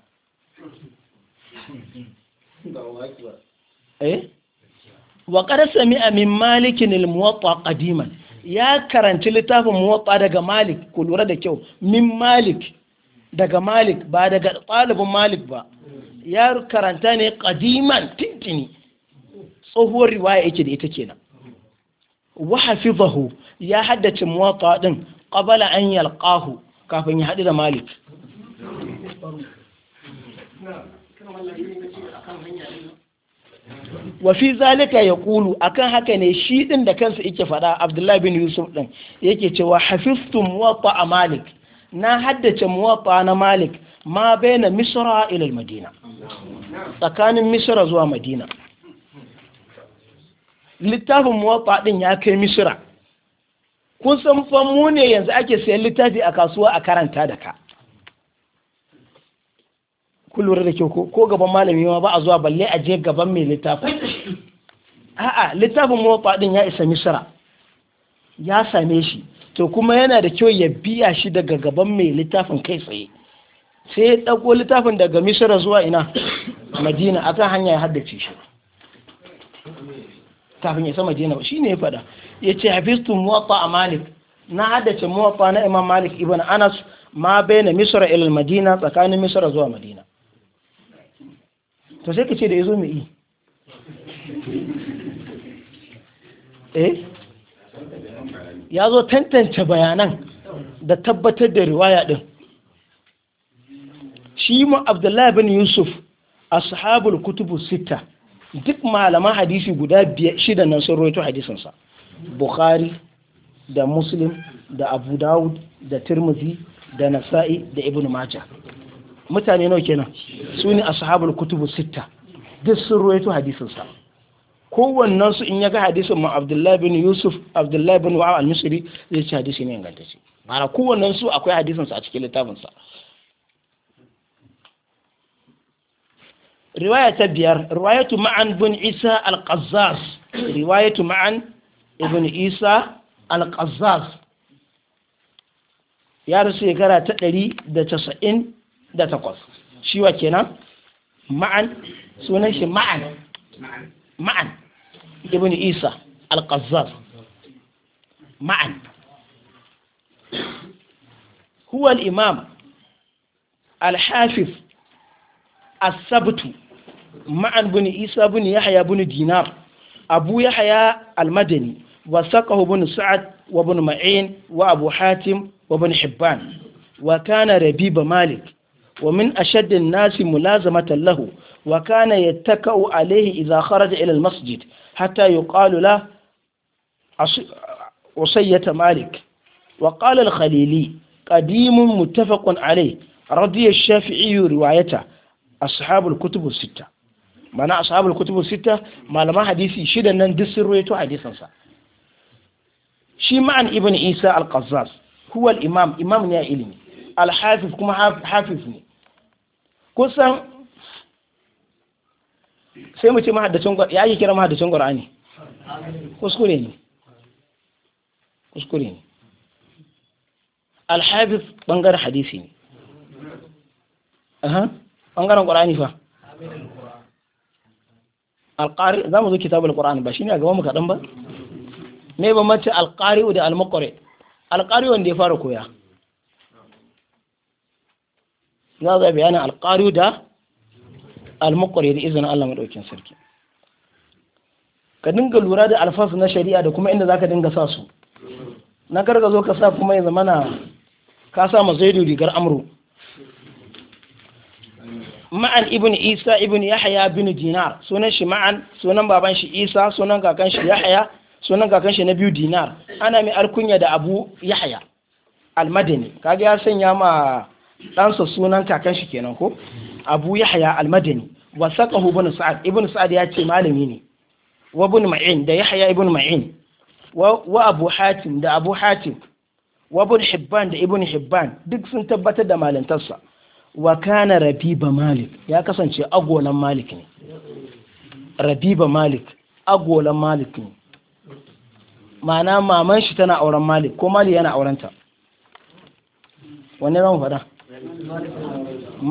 S1: eh wa qad sami'a min malikin al-muwatta qadiman ya karanci littafin muwatta daga malik ku lura da kyau min malik daga malik ba daga ɗalibin malik ba ya karanta ne ƙadiman tintini tsohuwar riwaya yake da ita kenan wa zahu ya haddace muwatta ɗin ƙabala an yalqahu kafin ya haɗu da malik
S2: wa fi zalika ya
S1: kulu akan haka ne shi din da kansa yake faɗa abdullahi bin yusuf din yake cewa hafiftu muwatta a malik na haddace muwatta na malik ma baina misra ila madina tsakanin misra zuwa madina littafin muwatta din ya kai misra kun san fa ne yanzu ake sayan littafi a kasuwa a karanta da ka kullum da kyau ko gaban malami ma ba a zuwa balle a je gaban mai littafin a'a littafin mawafa din ya isa misra ya same shi to kuma yana da kyau ya biya shi daga gaban mai littafin kai tsaye sai ya ɗauko littafin daga misra zuwa ina madina kan hanya ya haddace shi kafin ya sama madina shi ne ya faɗa ya ce hafistu muwatta a malik na haddace muwatta na imam malik ibn anas ma bai na misra ilal madina tsakanin misra zuwa madina to sai ka ce da ya zo mai yi eh ya zo tantance bayanan da tabbatar da riwaya din shi mu abdullahi bin yusuf ashabul kutubu sita duk malaman hadisi guda biyar shida nan sun rawaito hadisinsa bukhari da muslim da abu dawud da tirmidhi da nasa'i da ibnu majah mutane nawa kenan su ne ashabul kutubu sitta duk sun ruwaito hadisin sa kowannen su in ya ga hadisin ma Abdullahi bin Yusuf Abdullahi bin Wa'a al-Misri zai ci hadisi ne ingantacce ma'ana kowannen su akwai hadisin sa a cikin littafin sa riwaya ta biyar riwayatu ma'an bin Isa al-Qazzaz riwayatu ma'an ibn Isa al-Qazzaz ya rasu shekara ta ɗari da casa'in da takwas shi wa kenan ma'an sunan shi ma'an ma'an ibn isa al-qazzaz ma'an huwa imam al-hafif as-sabtu ma'an bin isa bin yahya bin dinar abu yahya al-madani wa saqahu bin sa'ad wa bin ma'in wa abu hatim wa bin hibban wa kana rabiba malik ومن أشد الناس ملازمة له وكان يتكأ عليه إذا خرج إلى المسجد حتى يقال له عصية مالك وقال الخليلي قديم متفق عليه رضي الشافعي روايته أصحاب الكتب الستة معنى أصحاب الكتب الستة ما لما حديثي أن ندسر رويته حديثا صح شي معنى ابن عيسى القزاز هو الإمام إمام نائلني الحافظ كما حافظ حافظني kusan sai mu ce mahaddacin ya yi kira mahaddacin qur'ani kuskure ne kuskure ne alhabib bangaren hadisi ne ɓangaren bangaren qur'ani fa alƙari za mu zo kitabul qur'ani ba ne a gaba mu kaɗan ba me ba mace alƙari da almakware alƙari wanda ya fara koya za a bayanin alƙari da almuƙwari da izinin Allah maɗaukin sarki ka dinga lura da alfasu na shari'a da kuma inda za ka dinga sa su na karka zo ka sa kuma ya zamana ka sa ma zaidu rigar amru ma'an ibn isa ibn yahya bin dinar sunan shi ma'an sunan baban shi isa sunan kakan shi yahya sunan kakan shi na biyu dinar ana mai arkunya da abu yahya almadani kaga ya sanya ma ɗansa sunan kakan shi kenan ko abu yahya almadani wa saqahu ibn sa'ad ibn sa'ad ya ce malami ne wa ibn ma'in da yahya ibn ma'in wa abu hatim da abu hatim wa ibn hibban da ibn hibban duk sun tabbatar da malantarsa wa kana rabiba malik ya kasance agolan malik ne rabiba malik agolan malik ne ma'ana maman shi tana auren malik ko malik yana aurenta wani ran faɗa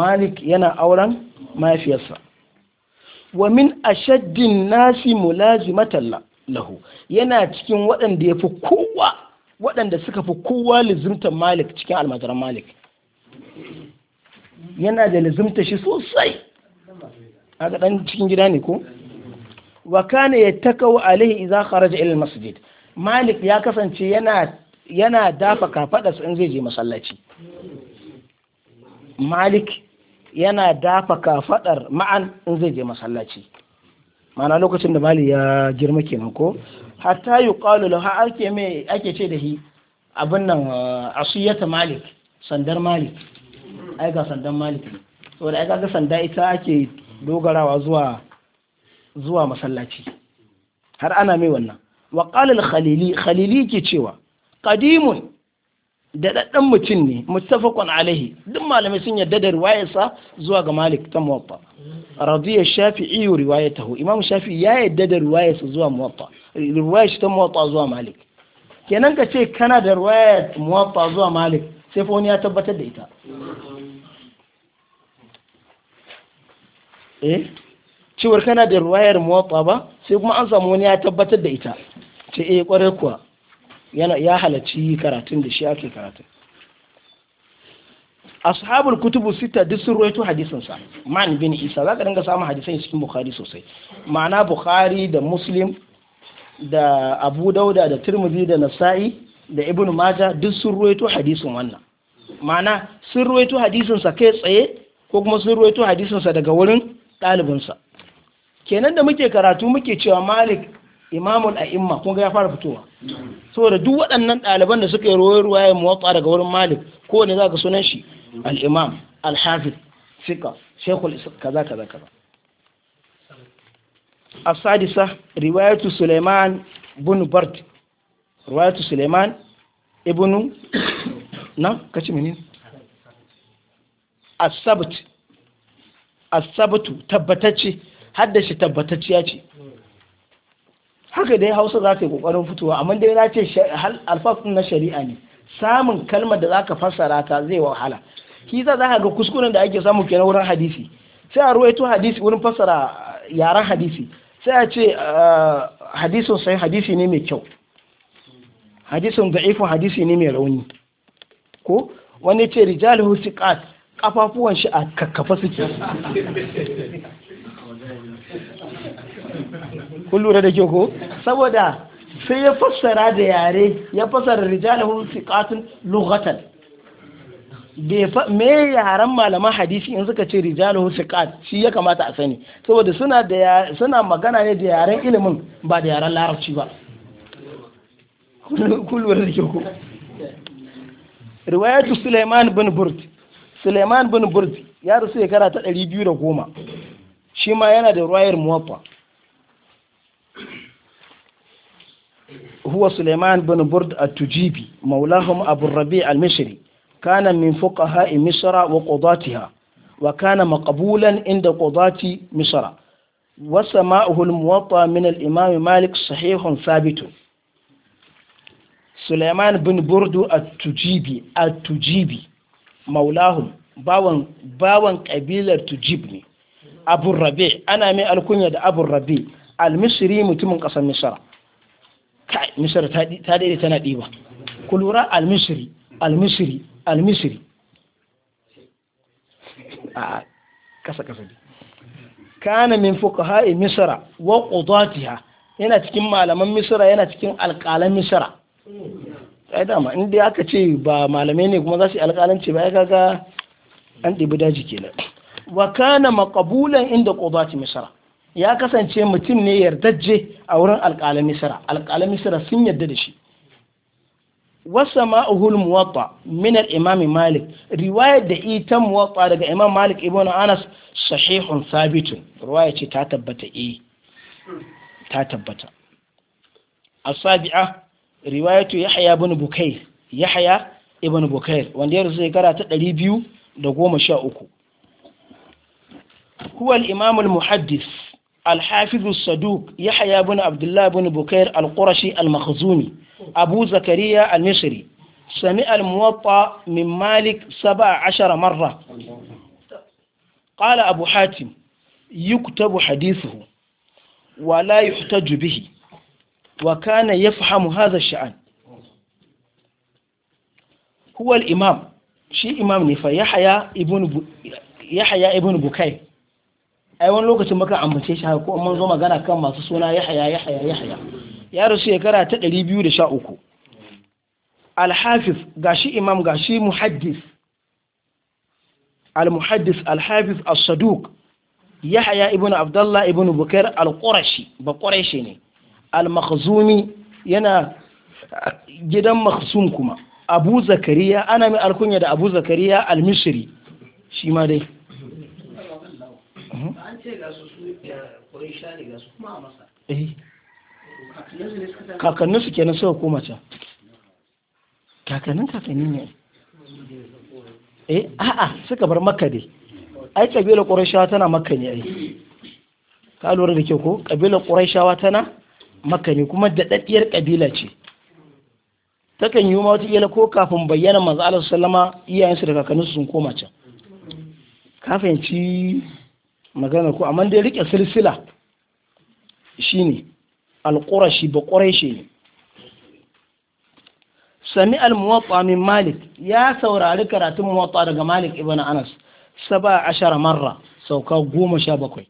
S1: malik yana auren mafiyarsa wa min ashaddin nasi mulazimatan lahu yana cikin waɗanda ya fi kowa waɗanda suka fi kowa lizimtar malik cikin almajiran malik yana da lizimta shi sosai a ɗan cikin gida ne ko wa kana ya takawa alaihi idza kharaja ila masjid malik ya kasance yana yana dafa kafadarsa in zai je masallaci malik yana dafa kafaɗar ma'an in zai je masallaci mana lokacin da Malik ya girma kenan ko hatta yi ha ake ake ce da shi abin nan ah, asuyata malik sandar malik ai ga sandar malik saboda ai ga sanda ita ake dogarawa zuwa zuwa masallaci har ana mai wannan wa qalal khalili khalili ke cewa ƙadimun. daɗaɗɗen mutum ne mustafakon alaihi duk malamai sun yarda da riwayarsa zuwa ga malik ta muwatta radiya ta riwayatahu imam Shafi ya yarda da riwayarsa zuwa muwatta riwayar shi ta muwatta zuwa malik kenan ka ce kana da riwayar muwatta zuwa malik sai fa wani ya tabbatar da ita eh cewar kana da riwayar muwatta ba sai kuma an samu wani ya tabbatar da ita ce eh kwarai kuwa yana ya halarci karatun da shi ake karatun ashabul kutubu sita duk sun ruwaito hadisin man bin isa Za ka dinga samun hadisai cikin bukhari sosai ma'ana bukhari da muslim da abu dauda da tirmidhi da nasa'i da Ibn majah duk sun ruwaito hadisin wannan ma'ana sun ruwaito hadisin kai tsaye ko kuma sun ruwaito hadisin daga wurin ɗalibinsa kenan da muke karatu muke cewa malik imamul a'imma kun ga ya fara fitowa saboda duk waɗannan ɗaliban da suka yi ruwa ya muwatta daga wurin malik ko ne za ka sunan shi al-imam al-hafiz fiqa shaykhul kaza kaza kaza as-sadisa riwayatu suleiman ibn bart riwayatu suleiman ibn na kace menene as-sabt as-sabtu tabbatacce haddashi tabbatacciya ce haka dai hausa za ta yi kokarin fitowa amma dai na ce alfafin na shari'a ne samun kalmar da zaka fassara ta zai wahala shi za za ga kuskuren da ake samu kenan wurin hadisi sai a ruwaito hadisi wurin fassara yaren hadisi sai a ce eh, hadisin sai hadisi ne mai kyau hadisin da'ifin hadisi ne mai rauni ko wani ce rijal husiqat kafafuwan shi a kakkafa suke kun lura da kyau saboda sai ya fassara da yare ya fassara rijalahum siqatun lughatan me yaren malaman hadisi in suka ce rijalahum siqat shi ya kamata a sani saboda suna da suna magana ne da yaren ilimin ba da yaren larabci ba kun lura da kyau ko riwayatu Sulaiman bin Burd Sulaiman bin Burd ya rasu shekara ta 210 shi ma yana da ruwayar muwaffa هو سليمان بن برد التجيبي مولاهم أبو الربيع المصري كان من فقهاء مصر وقضاتها وكان مقبولا عند قضاة مصر وسماؤه الموطأ من الإمام مالك صحيح ثابت سليمان بن برد التجيبي التجيبي مولاهم باون باون قبيلة تجيبني أبو الربيع أنا من الكنية أبو الربيع المصري متمن قصر مصر kai misra ta daidai tana ɗiba ku lura almisiri almisiri almisiri a kasa kasa ne kana min fuqaha'i misra wa qudatiha yana cikin malaman misra yana cikin alƙalan misra ai dama in dai aka ce ba malamai ne kuma za su yi alƙalanci ba ya kaga an ɗibi daji kenan wa kana maqbulan inda qudati misra ya kasance mutum ne yardajje a wurin alƙalan misra misra sun yarda da shi wasa ma'uhul muwatta min al-imam malik riwayar da ita muwatta daga imam malik ibn anas sahihun sabitun riwaya ce ta tabbata eh ta tabbata asabi'a riwayatu yahya ibn bukair yahya ibn bukair wanda ya rasu karata da 213 huwa al-imam al-muhaddis الحافظ الصدوق يحيى بن عبد الله بن بكير القرشي المخزومي أبو زكريا المصري سمع الموطأ من مالك سبع عشر مرة قال أبو حاتم يكتب حديثه ولا يحتج به وكان يفهم هذا الشأن هو الإمام شيء إمام نفا يحيى ابن ب... يحيى ابن بكير ai wani lokacin muka ambace shi ko mun zo magana kan masu suna yahya yahya yahya ya rasu shekara ta 213 al-hafiz gashi imam gashi muhaddis al-muhaddis al-hafiz as-saduq yahya ibn abdullah ibn bukair al-qurashi ba qurashi ne al-makhzumi yana gidan makhsum kuma abu zakariya ana mai alkunya da abu zakariya al-misri shi ma dai hmm? ce ga su su ƙorisha eh, ne ga su kuma a masa kakannin su kenan suka koma can kakannin kakanni ne eh a'a suka bar makka dai ai kabilar ƙorishawa tana makka ne ai ka lura da ke ko kabilar ƙorishawa tana makka ne kuma daɗaɗɗiyar kabila ce takan yi wata kila ko kafin bayyana manzo Allah sallama iyayensu da kakanninsu sun koma can ka fahimci magana ko amma dai rike silsila shine al-qurashi ba quraishi ne sami al-muwatta min malik ya saurari karatun muwatta daga malik ibn anas saba ashara marra sauka goma sha bakwai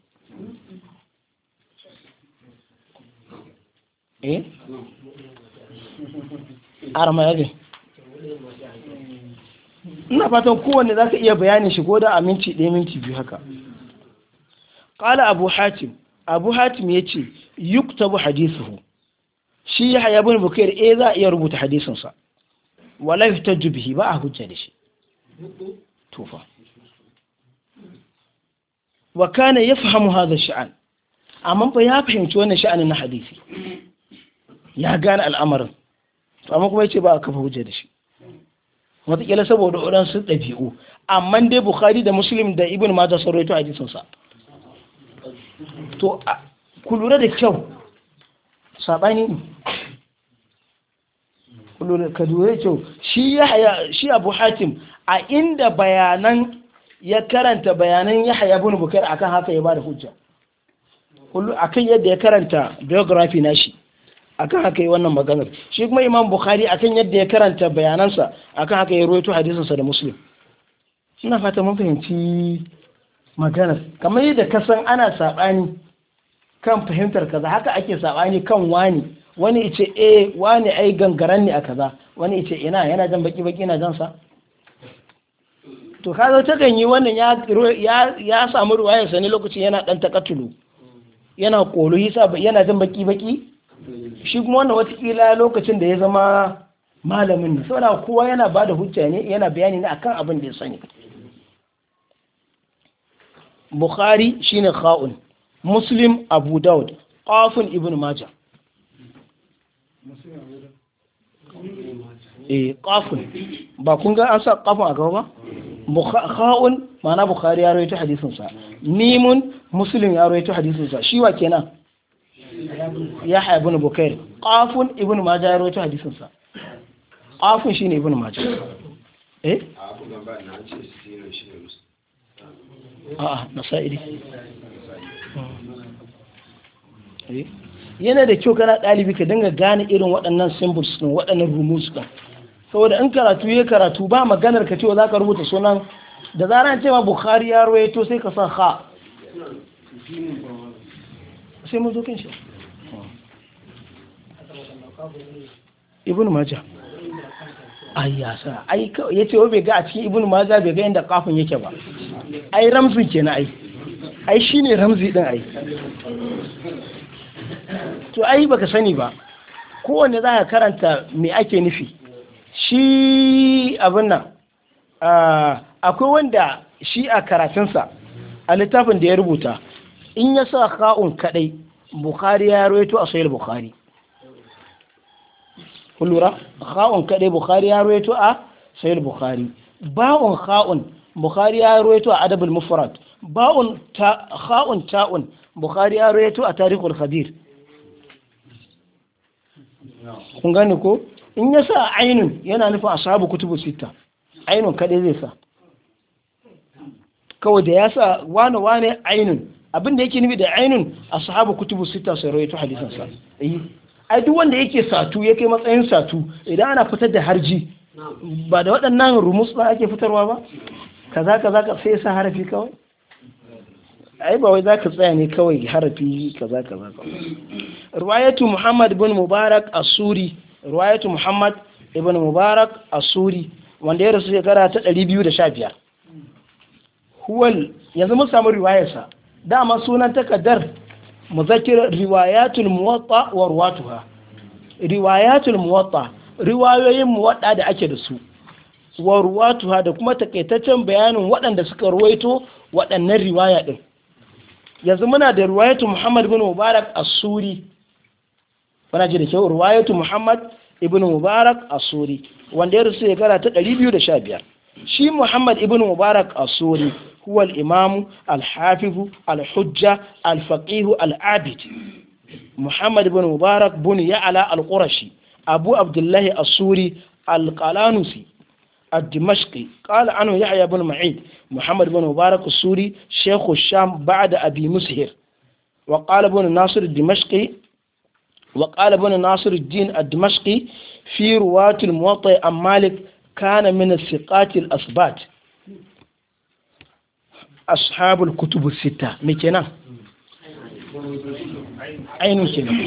S1: eh arma yake ina fatan kowanne za ka iya bayanin shi ko da a minti ɗaya minti biyu haka qala abu hatim abu hatim yace yuktabu hadithuhu shi yahya ibn bukair eh za iya rubuta hadisin sa wala yuhtaju bihi ba a hujja da shi tufa wa kana yafhamu hadha sha'an amma fa ya fahimci wannan sha'anin na hadisi ya gane al'amarin amma kuma yace ba a kafa hujja da shi wataƙila saboda waɗansu ɗabi'u amma dai bukhari da muslim da ibn majah sun rawaito hadisin sa to ku lura da kyau saɓani ne ku ka lura da kyau shi abu hatim a inda bayanan ya karanta bayanan ya haya bin bukar akan haka ya ba da hujja akan yadda ya karanta biography na shi akan haka yi wannan maganar shi kuma imam bukhari akan yadda ya karanta bayanansa akan haka ya rawaito hadisinsa da muslim ina fata mun fahimci maganar kamar yadda ka san ana saɓani kan fahimtar kaza haka ake saɓani kan wani wani ce e wani ai gangaren ne a kaza wani ce ina yana jan baki baki na jan sa to kaza ta takan wannan ya samu ruwayar sa ne lokacin yana dan takatulu yana kolo yasa yana jan baki baki shi kuma wannan watakila lokacin da ya zama malamin ne saboda kowa yana bada hujja ne yana bayani ne akan abin da ya sani bukhari shine kha'un muslim abu Dawud qafun ibn majah eh qafun ba kun ga an sa qafun a gaba ba kha'un ma'ana bukhari ya rawaito hadisin sa Nimun muslim ya rawaito hadisin sa shi wa kenan yahya ibn bukair qafun ibn majah ya rawaito hadisin sa shi shine ibn majah eh nasa'iri eh. yana da kyau kana ɗalibi ka dinga gane irin waɗannan symbols ɗin waɗannan rumus ɗin saboda in karatu ya karatu ba maganar ka cewa za ka rubuta sunan da zara an ce ma bukhari ya to sai ka sa ha sai mu zo kan shi ibn majah ai ya sa ai yace bai ga a cikin ibn maza bai ga inda kafin yake ba ai ramzi kenan ai ai shine ramzi din ai to ai baka sani ba ko wanne za ka karanta me ake nufi shi abin nan akwai wanda shi a karatunsa a littafin da ya rubuta in ya sa ka'un kadai bukhari ya rawaito a sayar bukhari kun lura kha'un kadai bukhari ya ruwaito a sahih bukhari ba'un kha'un bukhari ya ruwaito a adabul mufrad ba'un ta kha'un ta'un bukhari ya ruwaito a tarikhul khabir kun gane ko in ya sa ainun yana nufin ashabu kutubu sita ainun kadai zai sa kawai da ya sa wane wane ainun abin da yake nufi da ainun ashabu kutubu sita sai ruwaito hadisan sa eh. ai duk wanda yake satu ya kai matsayin satu idan ana fitar da harji ba da waɗannan rumus ba ake fitarwa ba kaza kaza ka sai sa harafi kawai ai ba wai za ka tsaya ne kawai harafi kaza kaza ruwayatu muhammad ibn mubarak asuri ruwayatu muhammad ibn mubarak asuri wanda ya rasu shekara ta 215 huwal yanzu mun samu riwayarsa dama sunan takardar مذكر روايات الموطا ورواتها روايات الموطا روايه riwayoyin muwatta da ake da su wa da kuma takaitaccen bayanin waɗanda suka ruwaito waɗannan riwaya din yanzu muna da riwayatu Muhammad ibn Mubarak as-Suri muna ji da kyau riwayatu Muhammad ibn Mubarak as-Suri wanda ya rusu gara ta 215 shi Muhammad ibn Mubarak as-Suri هو الإمام الحافظ الحجة الفقيه العابد محمد بن مبارك بني على القرشي أبو عبد الله السوري القلانوسي الدمشقي قال عنه يحيى بن معيد محمد بن مبارك السوري شيخ الشام بعد أبي مسهر وقال ابن ناصر الدمشقي وقال ابن ناصر الدين الدمشقي في رواة الموطأ عن مالك كان من الثقات الأثبات ashabul kutubu sita me kenan ainihin kenan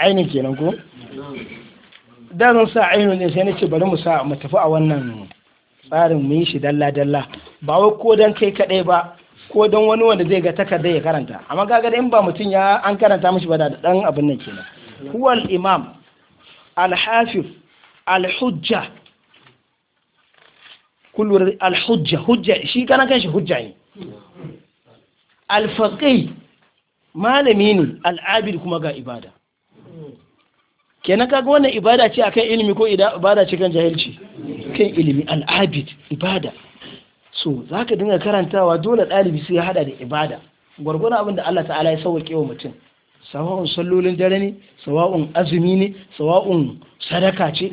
S1: ainihin kenan ko da zan sa ainihin ne sai na ce bari mu sa mu tafi a wannan tsarin mu yi shi dalla dalla ba wai ko dan kai kadai ba ko dan wani wanda zai ga takarda ya karanta amma kaga da in ba mutum ya an karanta mishi ba da dan abin nan kenan huwal imam al-hafiz al-hujja kullu al-hujja hujja shi kana kan shi hujja ne al-faqih malami ne al kuma ga ibada kenan kaga wannan ibada ce akan ilimi ko ibada ce kan jahilci kan ilimi al ibada so zaka dinga karantawa dole dalibi sai ya hada da ibada gwargwadon abin da Allah ta'ala ya sauke wa mutum sawa'un sallolin dare ne sawa'un azumi ne sawa'un sadaka ce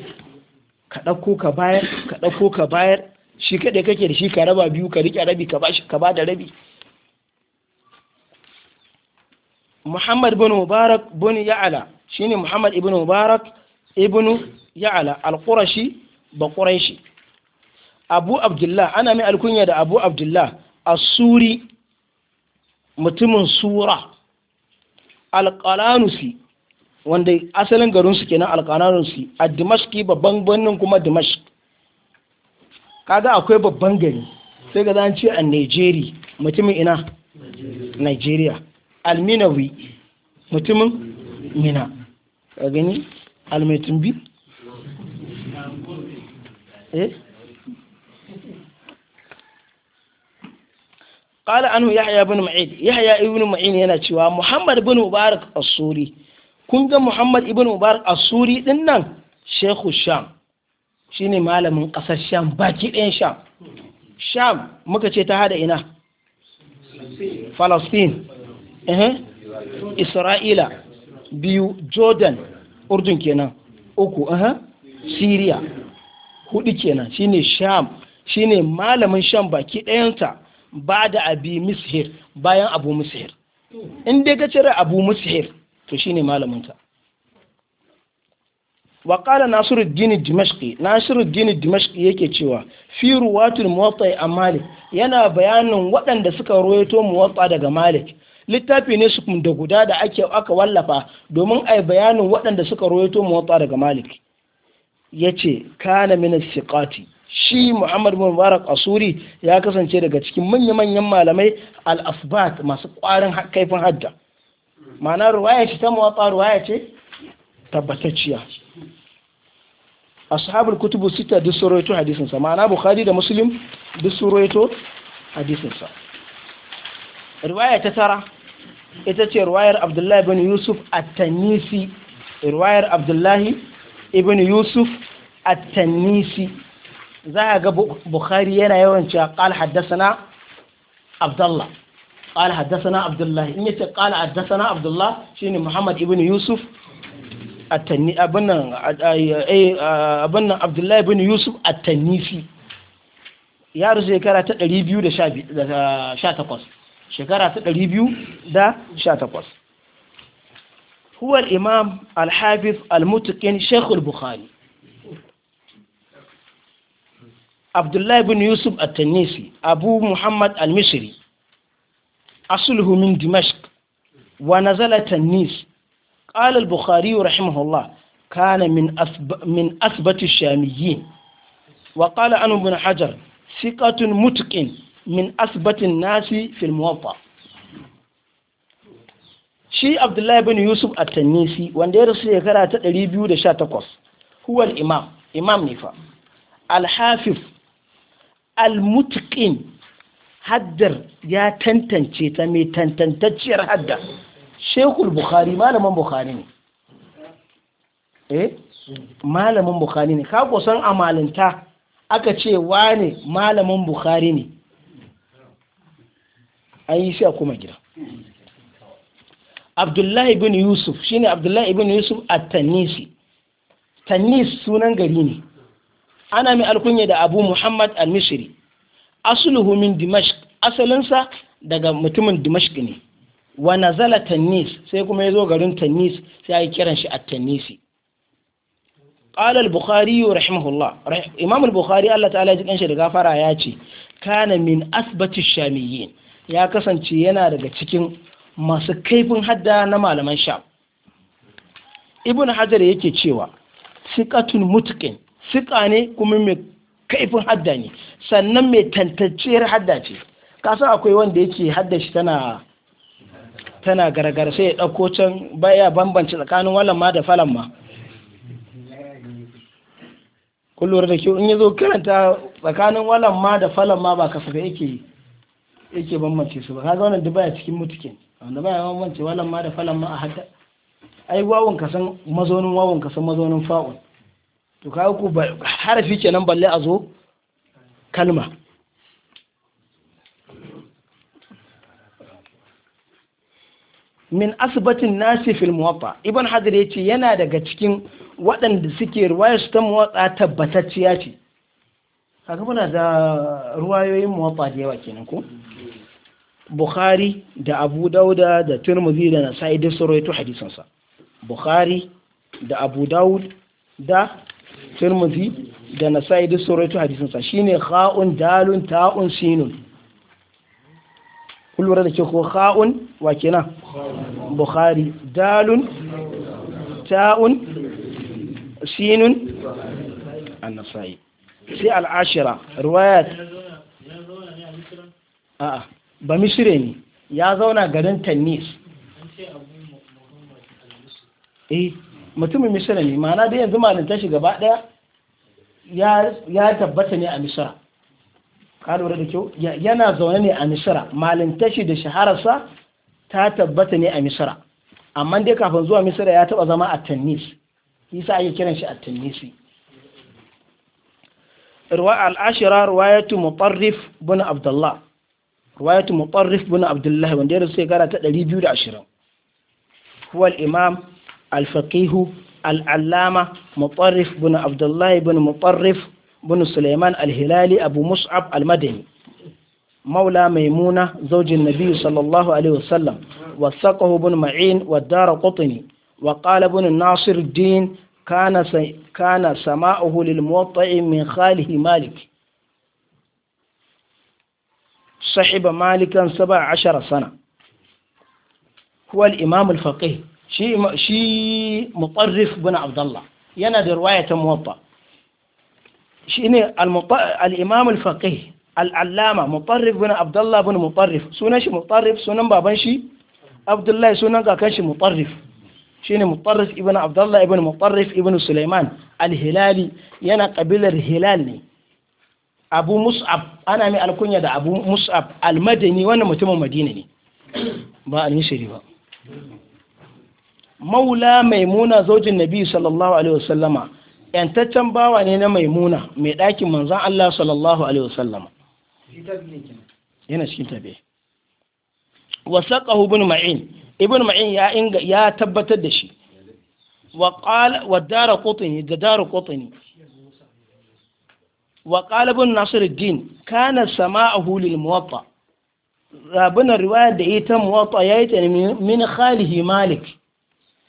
S1: ka ɗauko ka bayar ka ɗauko ka bayar shi kaɗai kake da shi ka raba biyu ka riƙe rabi ka ba da rabi muhammad bin mubarak bin ya'ala shine muhammad ibn mubarak ibn ya'ala al-qurashi ba quraishi abu abdullah ana mai alkunya da abu abdullah as-suri mutumin sura al-qalanusi wanda asalin garinsu kenan al-qalanusi ad-dimashqi babban birnin kuma dimashq kaga akwai babban gari sai ga zan ce a Nigeria mutumin ina Nigeria alminawi mutumin mina ka gani almaitumbi eh قال عنه يحيى بن معين يحيى ابن معين yana cewa Muhammad ibn Mubarak As-Suri kun ga Muhammad ibn Mubarak As-Suri din nan Sheikh Sham shine malamin ƙasar sham baki ɗayan sham sham muka ce ta hada ina falastin isra'ila biyu jordan urdun kenan uku syria hudu kenan shine sham shine malamin sham baki ɗayanta ba da abi mishir bayan abu mishir in dai ka cire abu mishir to shine malaminta wa qala nasiruddin dimashqi nasiruddin dimashqi yake cewa fi ruwatul muwatta a malik yana bayanin waɗanda suka ruwaito muwatta daga malik littafi ne su da guda da ake aka wallafa domin yi bayanin waɗanda suka ruwaito muwatta daga malik Ya yace kana min siqati shi muhammad bin mubarak asuri ya kasance daga cikin manya-manyan malamai al-asbat masu ƙwarin kaifin hajja. ma'ana ruwaya ce ta muwatta ruwaya ce tabbatacciya ashabul kutubu sita duk sun rawaito hadisin ma'ana bukhari da muslim duk sun rawaito hadisin riwaya ta tara ita ce riwayar abdullahi ibn yusuf at-tanisi riwayar abdullahi ibn yusuf at-tanisi za ga bukhari yana yawan cewa qala haddathana abdullah qala haddathana abdullah in yace qala haddathana abdullah shine muhammad ibn yusuf atani eh, abin nan abdullahi bin yusuf atanifi ya rasu shekara ta 218 shekara ta 218 huwa al-imam al-hafiz al-mutaqin shaykh al-bukhari abdullahi bin yusuf at-tanisi abu muhammad al-misri asluhu min dimashq wa nazala tanis قال البخاري رحمه الله كان من أثب من أثبت الشاميين وقال عنه ابن حجر ثقة متقن من أثبت الناس في الموطا شي عبد الله بن يوسف التنيسي وندير سيكرا تقريبيو دشا تقص هو الإمام إمام نفا الحافظ المتقن هدر يا تنتن شيتا مي تنتن تجير هدر shekul bukhari malamin bukhari ne eh malamin bukhari ne ka san amalinta aka ce wane malamin bukhari ne an yi shi a kuma gida abdullahi ibn yusuf shine abdullahi ibn yusuf at-tanisi tanis sunan gari ne ana mai alkunya da abu muhammad al-mishri asluhu min dimashq asalinsa daga mutumin dimashq ne wa nazala tannis sai kuma ya zo garin tannis sai ai kiran shi a tannisi qala al-bukhari rahimahullah imam al-bukhari Allah ta'ala ya kanshi da gafara ya ce kana min asbati shamiyyin ya kasance yana daga cikin masu kaifin hadda na malaman sha. ibn hajar yake cewa siqatun mutqin siqa ne kuma mai kaifin hadda ne sannan mai tantacciyar hadda ce kasan akwai wanda yake hadda shi tana tana gargar sai ya ɗauko can baya bambanci tsakanin walan ma da falan ma kullum da kyau in ya zo karanta tsakanin walan ma da falan ma ba ga yake yake bambance su ba kaga wannan duk baya cikin mutukin wanda baya bambance walan ma da falan ma a hadda ai wawun ka san mazonin wawun ka san mazonin fa'un to kaga ku harafi kenan balle a zo kalma min asbatin nasi fil muwatta ibn ya ce yana daga cikin waɗanda suke ruwaya su ta muwatta tabbatacciya ce kaga muna da ruwayoyin muwatta da yawa kenan ko bukhari da abu dauda da turmuzi da nasa'i duk sun rawaito bukhari da abu daud da turmuzi da nasa'i duk sun rawaito shine kha'un dalun ta'un sinun kun da ke ko kha'un wa kina bukhari dalun ta'un sinun annasai sai al'ashira riwayat a'a ba misire ne ya zauna garin tannis eh mutumin misira ne ma'ana da yanzu malin tashi gaba daya ya tabbata ne a misira ka lura da kyau yana zaune ne a misira malintashi da shahararsa ta tabbata ne a misira amma dai kafin zuwa misira ya taba zama a tannis isa ake kiran shi a tannisi ruwa al'ashira ruwayatu mutarrif bin abdullah ruwayatu mutarrif bin abdullah wanda ya rasu gara ta 220 huwa al-imam al-faqih al-allama mutarrif bin abdullah bin mutarrif bin Sulaiman al-Hilali Abu Mus'ab al-Madani مولى ميمونة زوج النبي صلى الله عليه وسلم وثقه بن معين والدار قطني وقال ابن الناصر الدين كان كان سماعه للموطئ من خاله مالك صحب مالكا سبع عشر سنة هو الإمام الفقيه شي شي مطرف بن عبد الله ينادي رواية موطأ shine ne imam al-faqih al bin abdullah bin mutarrif sunan shi mutarrif sunan baban shi abdullahi sunan kakan shi mutarrif shine mutarrif ibn abdullah ibn mutarrif ibn Suleiman, al-hilali yana ƙabilar hilal ne abu mus'ab ana mai alkunya da abu mus'ab al-madani wannan mutumin madina ne ba al-mishri ba maula maimuna zaujin nabi sallallahu alaihi wasallama yantaccen bawa ne na maimuna mai ɗakin manzon Allah sallallahu alaihi wasallam yana cikin ibn ma'in ibn ma'in ya inga ya tabbatar da shi wa qala wa dara qutni da dara qutni wa qala kana sama'ahu lil muwatta rabunan riwaya da ita muwatta yayi ta min khalihi malik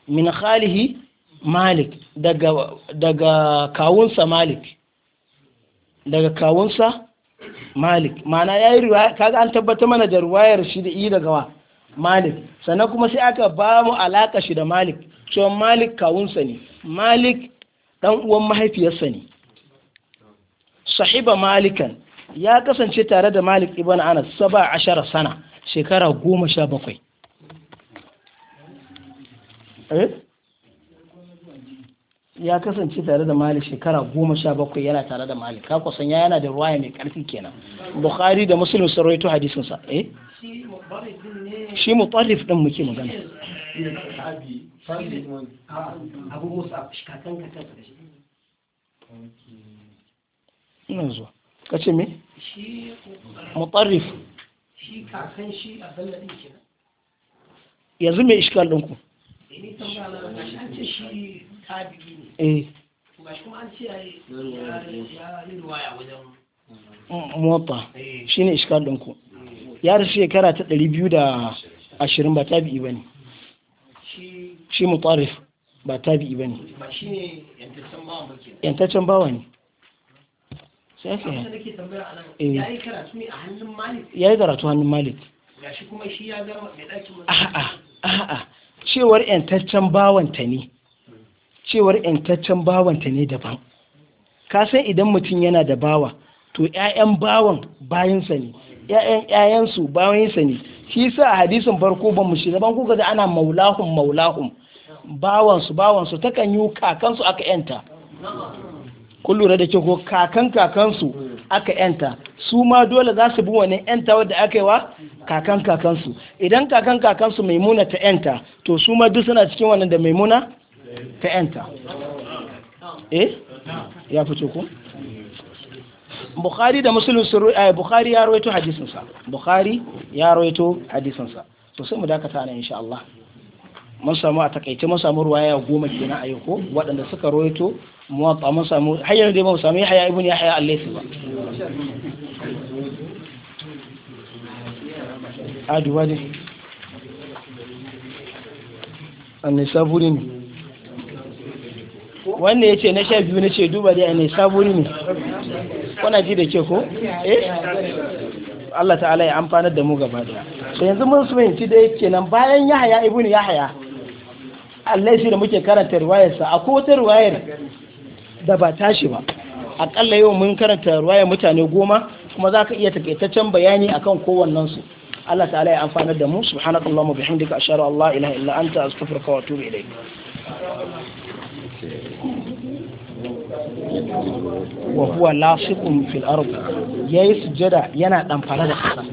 S1: min khalihi malik daga daga kawunsa malik daga kawunsa malik mana ya yi riwaya kaga an tabbata mana da riwayar shi da yi daga wa malik sannan kuma sai aka ba mu alaka shi da malik cewa malik kawunsa ne malik dan uwan mahaifiyarsa ne sahiba malikan ya kasance tare da malik ibn anas saba ashara sana shekara goma sha bakwai eh ya kasance tare da malik shekara goma sha bakwai yana tare da malik ka kusan ya yana da ruwaya mai karfi kenan bukhari da muslim sun rawaito hadisin sa eh
S2: shi mutarrif din muke magana
S1: ina zuwa ka ce me mutarrif shi kakan shi a kenan yanzu mai iskal eh, tabi'i ne ga eh. kuma an ce ya yi ruwaya wajen mota mm, eh. shine iskal ɗinku ya rasu shekara ta ɗari biyu da ashirin ba tabi'i ba ne shi mutarif ba tabi'i ba ne yantaccen karatu ne eh. ya yi karatu hannun malik a'a cewar yantaccen bawanta ne cewar ‘yantaccen bawanta ne daban ka san idan mutum yana da bawa to ‘ya'yan bawan bayansa ne ‘ya'yan ‘ya'yansu bayansa ne shi sa a hadisin farko ban mu shiga ban kuka da ana maulahum maulahum bawansu bawansu ta kan yi kakansu aka ‘yanta kun lura da ko kakan kakansu aka ‘yanta su ma dole za su bi wani ‘yanta wadda aka yi wa kakan kakansu idan kakan kakansu maimuna ta ‘yanta to su ma duk suna cikin wannan da maimuna ta yanta eh ya fito ko bukhari da muslim sun ruwa eh, bukhari ya rawaito hadisinsa bukhari ya rawaito hadisinsa to sai mu dakata ne insha Allah mun samu a takaice mun samu ruwaya goma kenan a yau waɗanda suka rawaito wata mun samu har yanzu dai ba mu samu yahya ibn yahya al-laythi ba aduwa ne an buri ne wannan ya ce na sha biyu na ce duba da ya ne saburi ne kuna ji da ke ko eh Allah ta'ala ya amfanar da mu gaba da sai yanzu mun su da yake nan bayan ya haya yahaya ya haya, Allah shi da muke karanta riwayarsa akwai wata ruwayar da ba tashi ba akalla yau mun karanta ruwaya mutane goma kuma za ka iya takaitaccen bayani a kowannen su Allah ta'ala ya amfanar da mu subhanakallahumma bihamdika ashhadu an la ilaha illa anta astaghfiruka wa atubu ilaik
S2: wa huwa lasiqun fil ard
S1: yayi sujada yana dan fara da kasa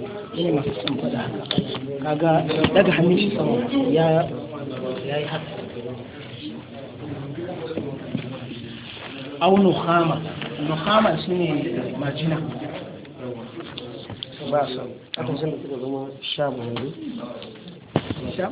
S1: masu
S2: fada kaga daga hannun shi sama ya yayi haka aw nukhama nukhama shine majina ba sa zama sha sha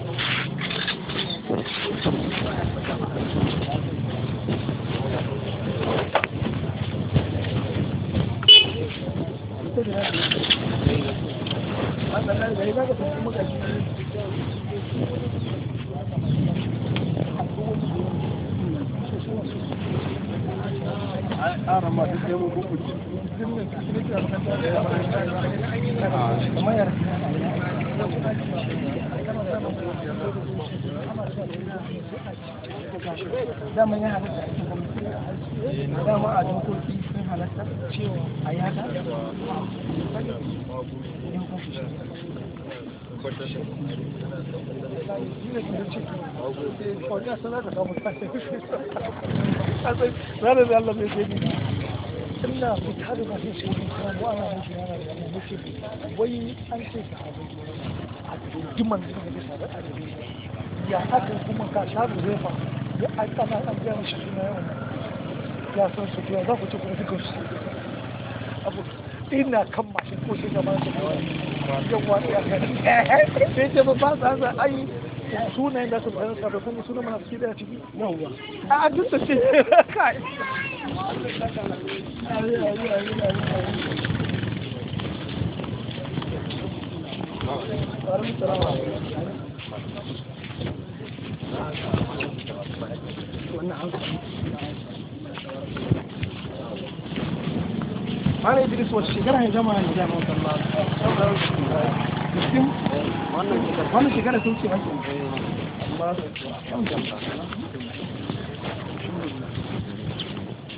S2: そうです。dama yana halatta aikin gwamnati dama a dokoki sun halatta a yi haka da Allah mai gani ina fita da masu shi wani da yana wai an ce ka a dukkan manzana ya aka kuma ka shafi zai faru a tsama an biya mishi suna yawan ya san su biya za ku ci kuma dukan su abu
S1: ko shi gaban su yawa ya gani sai ce ba ba sa za a yi sunayen kai
S2: Thank you.
S1: ana idris wasu shekara ya jama ya jama wata Allah muslim wannan shekara sun ce
S2: mace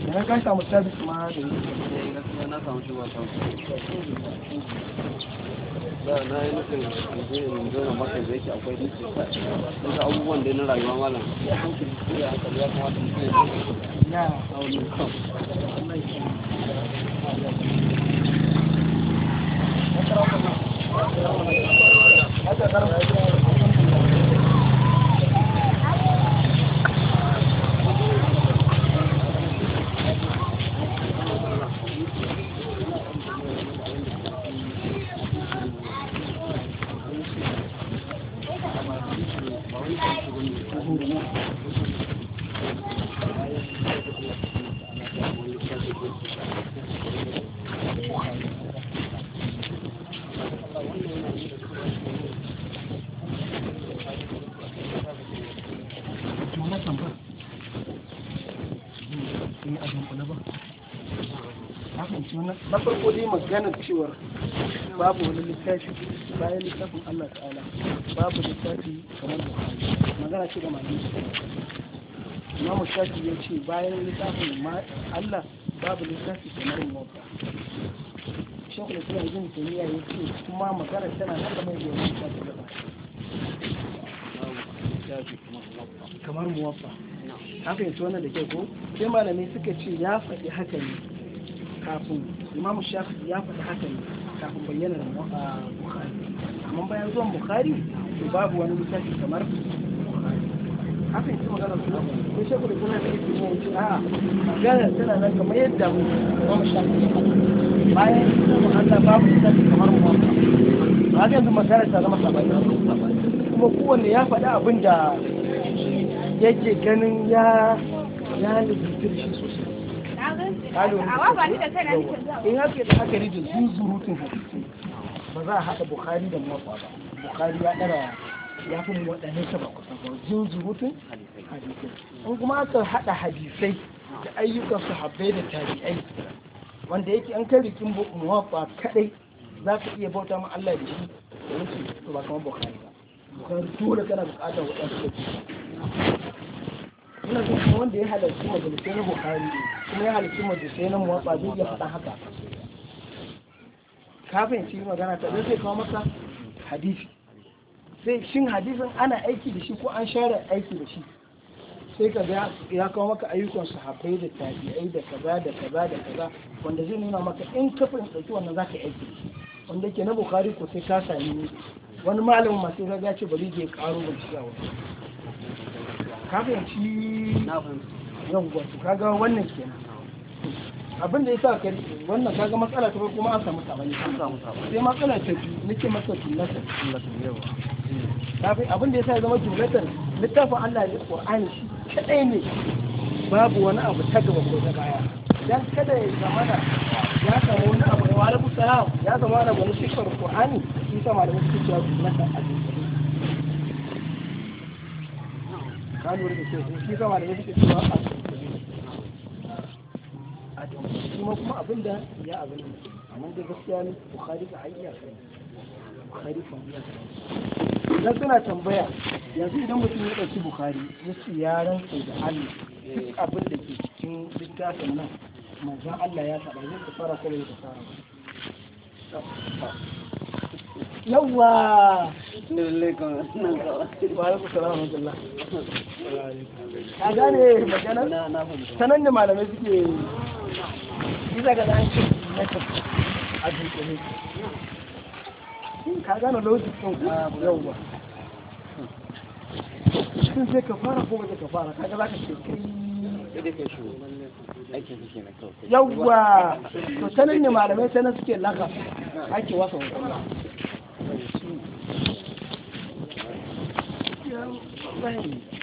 S2: idan ka samu sabis ma da yi eh, na samu shi wata na yi nufin yanzu in zauna maka akwai nufin sa da abubuwan da na rayuwa malam ya hankali su ya hankali ya kamata
S1: magana cewar babu wani littafi bayan littafin Allah ta'ala babu littafi kamar Bukhari magana ce da malami Imam Shafi ya ce bayan littafin Allah babu littafi kamar mota. Muwatta kuma Islam Ibn Taymiyyah ya ce kuma magana tana nan da mai da wani littafi da ba kamar muwafa. haka yanzu wannan da ke ko sai malamai suka ce ya faɗi haka ne kafin imam shafi ya faɗi haka ne kafin bayyana da ah, bukhari amma bayan zuwan bukhari to babu wani misali kamar haka yake magana su ko shekul da kuma yake mu wuce a magana tana nan kamar yadda mu imam shafi ya faɗi bayan zuwan Allah babu misali kamar mu ba ga yanzu magana ta zama sabani kuma kowanne ya faɗi abin da yake ganin ya ya lissafi shi sosai in haka da haka rije zuzurutun hadisi ba za a haɗa bukhari da mawafa ba bukhari ya ɗara ya fi waɗannan ta ba kusa ba hadisai in kuma aka haɗa hadisai da ayyukan sahabbai da tabi'ai wanda yake an kai rikin mawafa kadai za ka iya bauta ma Allah da shi da wuce ba kamar bukhari ba bukhari dole kana buƙatar waɗansu da ina jin kuma wanda ya halarci majalisai na bukari kuma ya halarci majalisai na muwatsa duk ya faɗa haka kafin shi magana ta zai kawo maka hadisi sai shin hadisin ana aiki da shi ko an share aiki da shi sai ka ga ya kawo maka ayyukan sahabbai da tabi'ai da kaza da kaza da kaza wanda zai nuna maka in ka fahimci wannan za zaka aiki wanda ke na bukari ko sai ka sami wani malamin masu ya ce bari je karo bincike a wani ka fahimci yawon wato kaga wannan kenan abin da ya sa ka wannan kaga matsala ta kuma an samu sabani an samu sabani sai matsala ta biyu nake masa sunnata sunnata yawa kafi abin da ya sa ya zama jumlatar littafin Allah ne Qur'ani shi kadai ne babu wani abu ta gaba ko ta baya dan kada ya zamana ya samu wani abu da wani salam ya zama wani shifar Qur'ani shi sama da wasu cewa sunnata a cikin
S2: ka lura da kyau shi zama da yake cewa
S1: a a kuma kuma abinda ya abin amma da gaskiya ne bukhari ka hayya kai bukhari kan biya dan suna tambaya yanzu idan mutum ya dauki bukhari yace ya rantsa da Allah duk abin da ke cikin littafin nan manzon Allah ya faɗa zai fara kare da fara yawwa
S2: a gane magana sanan
S1: malamai suke bisa ga ɗan cin a dukkanu ka gane lokacin yawwa
S2: sun sai ka fara ko
S1: ba ka fara za ka kai
S2: yawwa to sanin ne
S1: malamai sai na suke laka ake wasa wani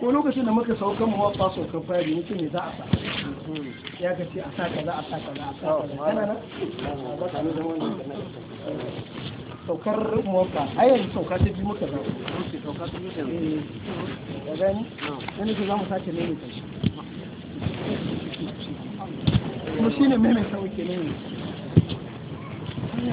S1: ko lokacin da muka sauka mu wa wafa sauka fari mutu ne za a sa ya ga ce a sa kaza a sa kaza a sa kaza kana nan
S2: saukar mota ai yanzu
S1: sauka ta biyu muka zama sauka eh. ta biyu ka gani yana ce za mu sace ne ne kuma shi ne mai mai
S2: sauke ne ne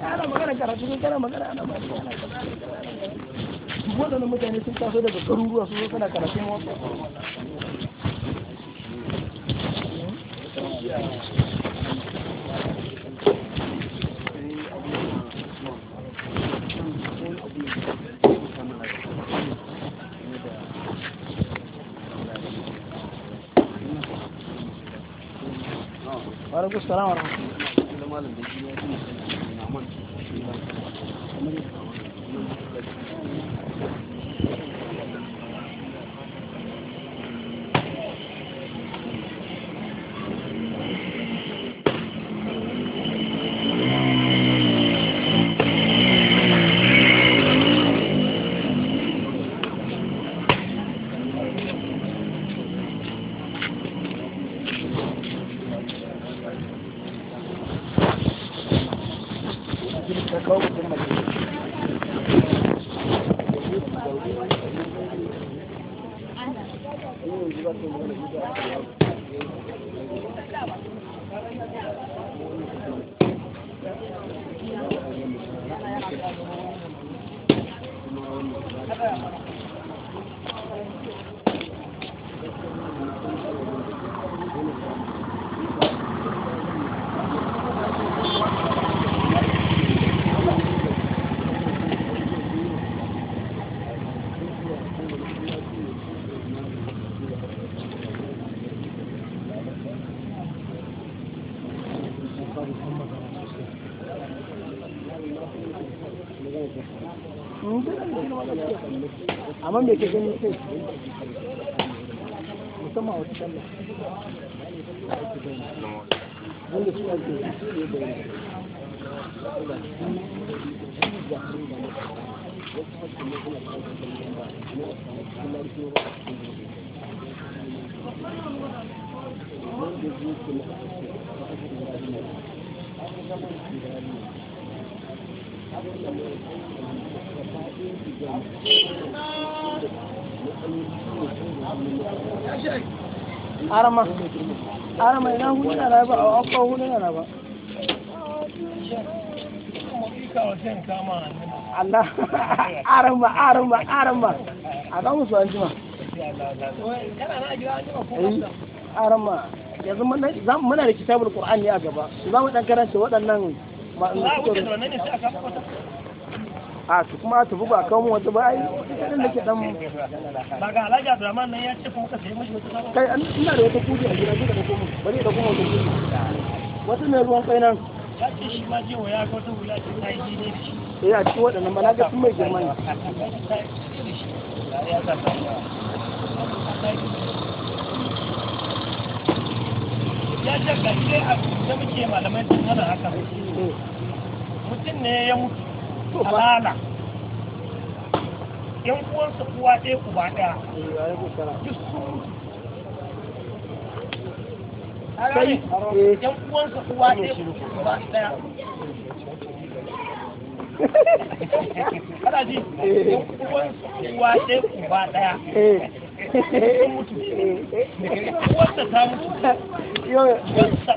S1: ana magana karatu mutane sun taso daga garuruwa su suna karatun
S2: wasu warahmatullahi mal im Video.
S1: ara mai na hudu yana ba a akwa hudu yana ba Allah arama arama arama a ga musu an jima eh, arama yanzu muna da kitabul qur'ani a gaba za mu dan karanta waɗannan ma'anar a su kuma ta buga kan wata ba ai idan nake dan ba ga Alhaji Abdulrahman nan ya ce kuma ka sai mishi wata kai ina da wata kuje a gida duka da kuma bari da kuma wata kuje wata ne ruwan kai nan ya ce shi ma je waya ko ta hula ce ta yi ne da shi eh a ci waɗannan ba na ga sun mai girma ne ya ce ga shi a da muke malamai sun hana haka eh. mutum ne ya mutu halala yan uwansa kuwa ɗaya ku ba ɗaya
S2: sai eh. yan uwansa kuwa ɗaya ku ba ɗaya kada ji eh. yan uwansa kuwa ku ba eh. mutu uwansa uwansa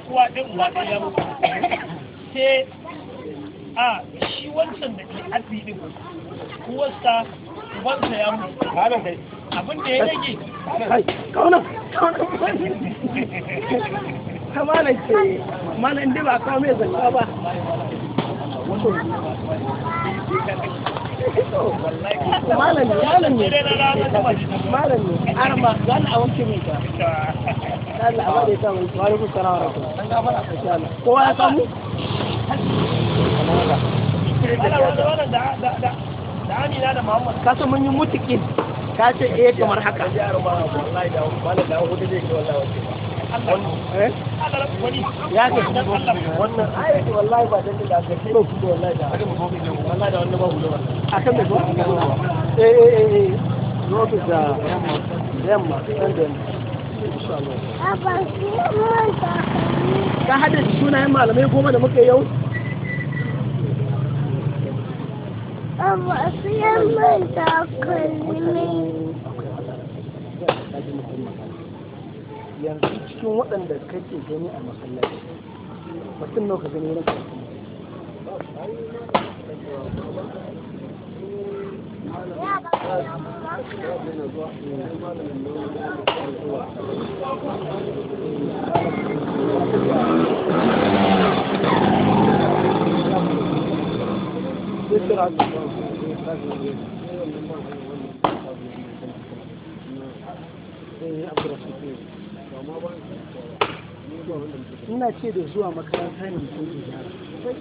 S2: kuwa ɗaya ku ba
S1: ɗaya sai a shi wancan da ke azi din kuwarsa ubansa ya mu abin da ya rage ta ce malam da ba kawo mai zaka ba
S2: malam ne malam ne malam ne ne, ma ne,
S1: a ne, mai ta Allah ne, bada ta mai ne, ku ne, ko ya samu da amina mun yi mutukin ta ce eh kamar haka ya ce wannan wallahi ba da wallahi da wallahi da wannan a kan da zuwa eh eh eh, eh. rotu da yamma dan da ka hada sunayen malamai goma da muka yau
S2: Amma siyan man
S1: Yanzu cikin waɗanda kake gani a masallaci, mutum nau ka gani wurin karatu.
S2: Thank you. ina ce da
S1: zuwa makaranta ne mutum ke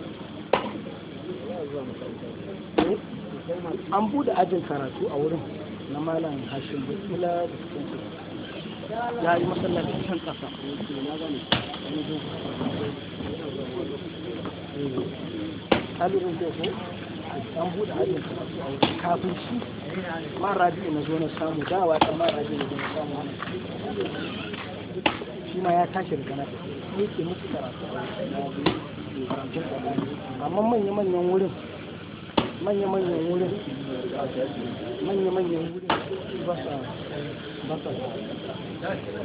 S1: gyara an bude ajin karatu a wurin na malam hashin bukula da cikin
S2: ya yi masallacin can kasa alirin ko an
S1: buɗe hajjin kafin shi mara biyu na zo na samu dawa ta mara biyu na zo na samu wani shi ma ya tashi daga nan ne ke musu karatu amma manya-manyan wurin manya-manyan wurin manya-manyan wurin ba sa ba sa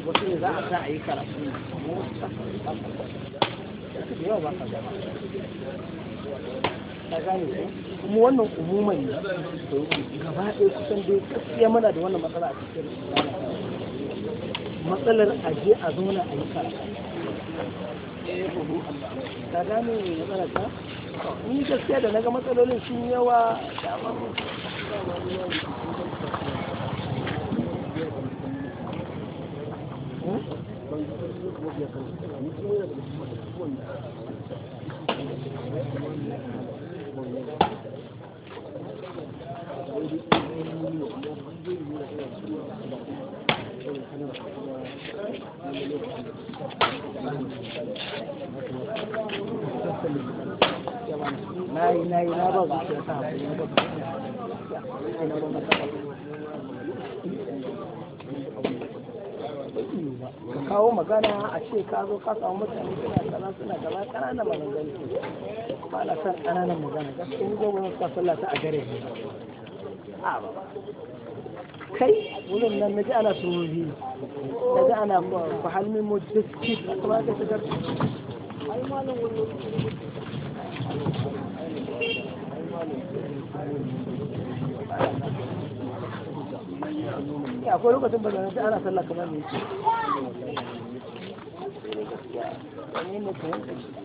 S1: wasu ne za a sa a yi karatu ne amma wasu sa ba sa ba sa da ba sa ba kuma wannan umuman ne gaba ɗaya kusan dai ya mana da wannan matsala a cikin matsalar aje a zauna a yi kara ta gane tsara ta ni gaskiya da naga matsalolin sun yawa
S2: da Thank you. na ka kawo magana
S1: a ce ka zo ka samu mutane suna kaza suna gaba da maganganu ba na san ƙananan magana gaskiya ni gwamnati ta sallah ta a gare ne a ba kai wurin nan na ji ana surubi na ji ana fahalmin mu diski kuma ka shigar ai malam wannan ya akwai lokacin ba zai ana sallah kamar
S2: ne ne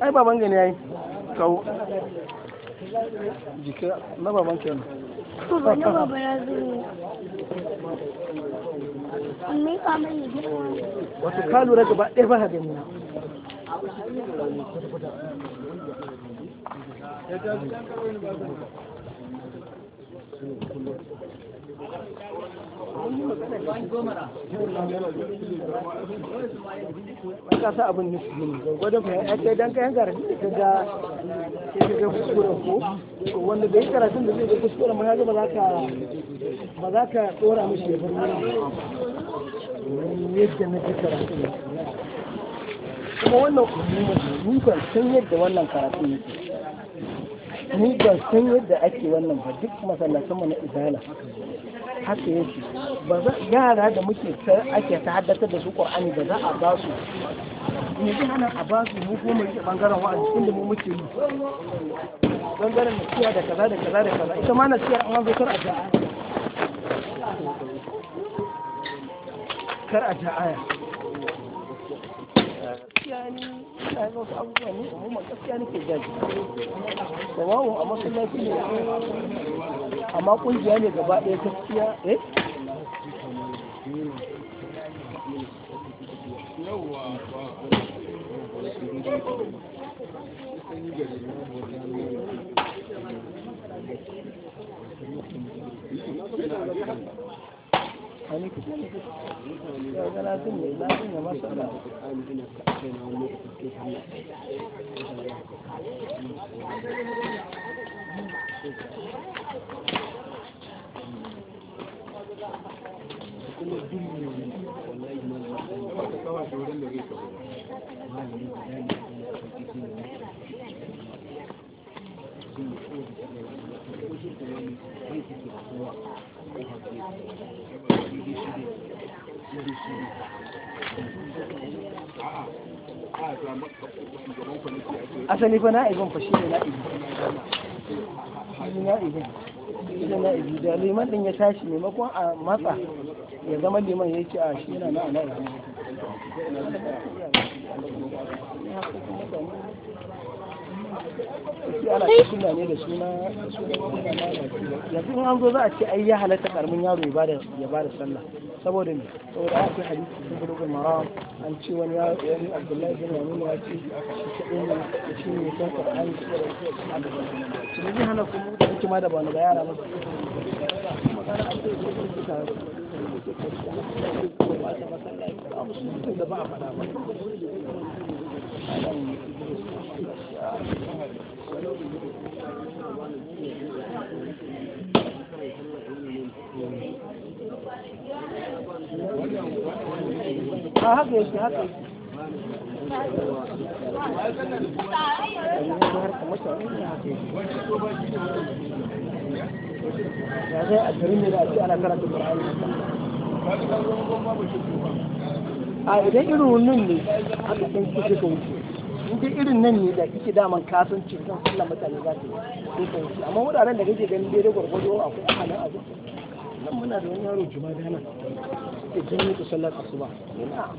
S1: ai baban gani yayi kawo jika na baban kenan na baba ya zo
S2: ne kamar yi wato ka lura gaba ɗaya ba gani na Thank you. ka sa abin nufi
S1: ya ce kayan ga ke ga ko wanda karatun da zai ga kuskuren ma ya ba za ka tsora mishi ya yadda na ji karatun kuma wannan umuma ni san yadda wannan karatun yake ni ban san yadda ake wannan ba duk masallacin mu na izala haka yake ba za yara da muke ta ake ta haddata da su qur'ani ba za a ba su ne zai hana a ba su mu goma yake bangaren wa'azi inda mu muke yi
S2: bangaren nasiya da kaza da kaza da kaza ita ma nasiya an zo kar a ja'a kar a ja'aya gaskiya ni
S1: wasu abubuwa ni umuman gaskiya nake jaji sawawun a masallaci amma kungiya ne gaba ɗaya gaskiya eh
S2: ሰላትን ሌላትን ለማሰላት Thank you. asali fa na'ibin fa shi ne na'ibi shi
S1: na'ibin shi na'ibi da liman din ya tashi maimakon a matsa ya zama liman ya ce a shi yana na'a na'ibi
S2: sai ana ta ne
S1: da suna da suna yanzu in an zo za a ce ai ya halatta karamin yaro ya ba ya bada sallah saboda ne saboda a ce hadisi sun gudu maram an ce wani ya wani abdullahi bin yamin ya ce shi kaɗai ne da shi ne kan an shi da shi da zai hana
S2: kuma mutane kima da ba na ga yara masu Thank you. a ya zai a garin ne a
S1: idan irin wannan ne aka san kusa wuce in dai irin nan ne da kike daman kasan cutar Allah mutane za su yi sai ka yi amma wuraren da kake ganin daidai gwargwado akwai ahalin abu nan muna da wani yaro juma'a da nan ke jin mutu sallar asuba na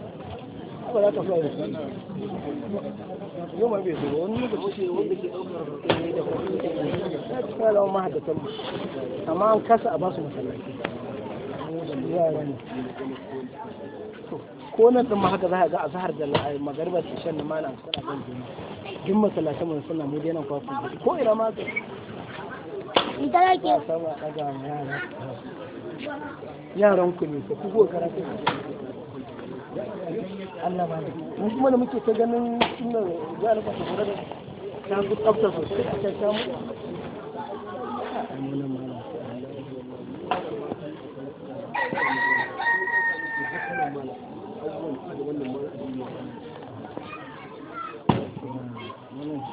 S1: ba za ta fara da
S2: yau ma bai zuwa wani
S1: lokaci wanda ke ɗaukar ne da kuma ya ci kala lawan mahaddatan mu amma an kasa a basu masallaci ko nan din ma haka za ka ga azhar da magariba ce shan malam suna ban jini duk masallatan mun suna mu dai nan kwa ko ina ma ka ita yake sama daga yara yaran ku ne ku ko karatu
S2: Allah ba ne mun
S1: kuma da muke ta ganin sunan galiba ta gura da ta ku tsafta sosai a ta samu Thank you.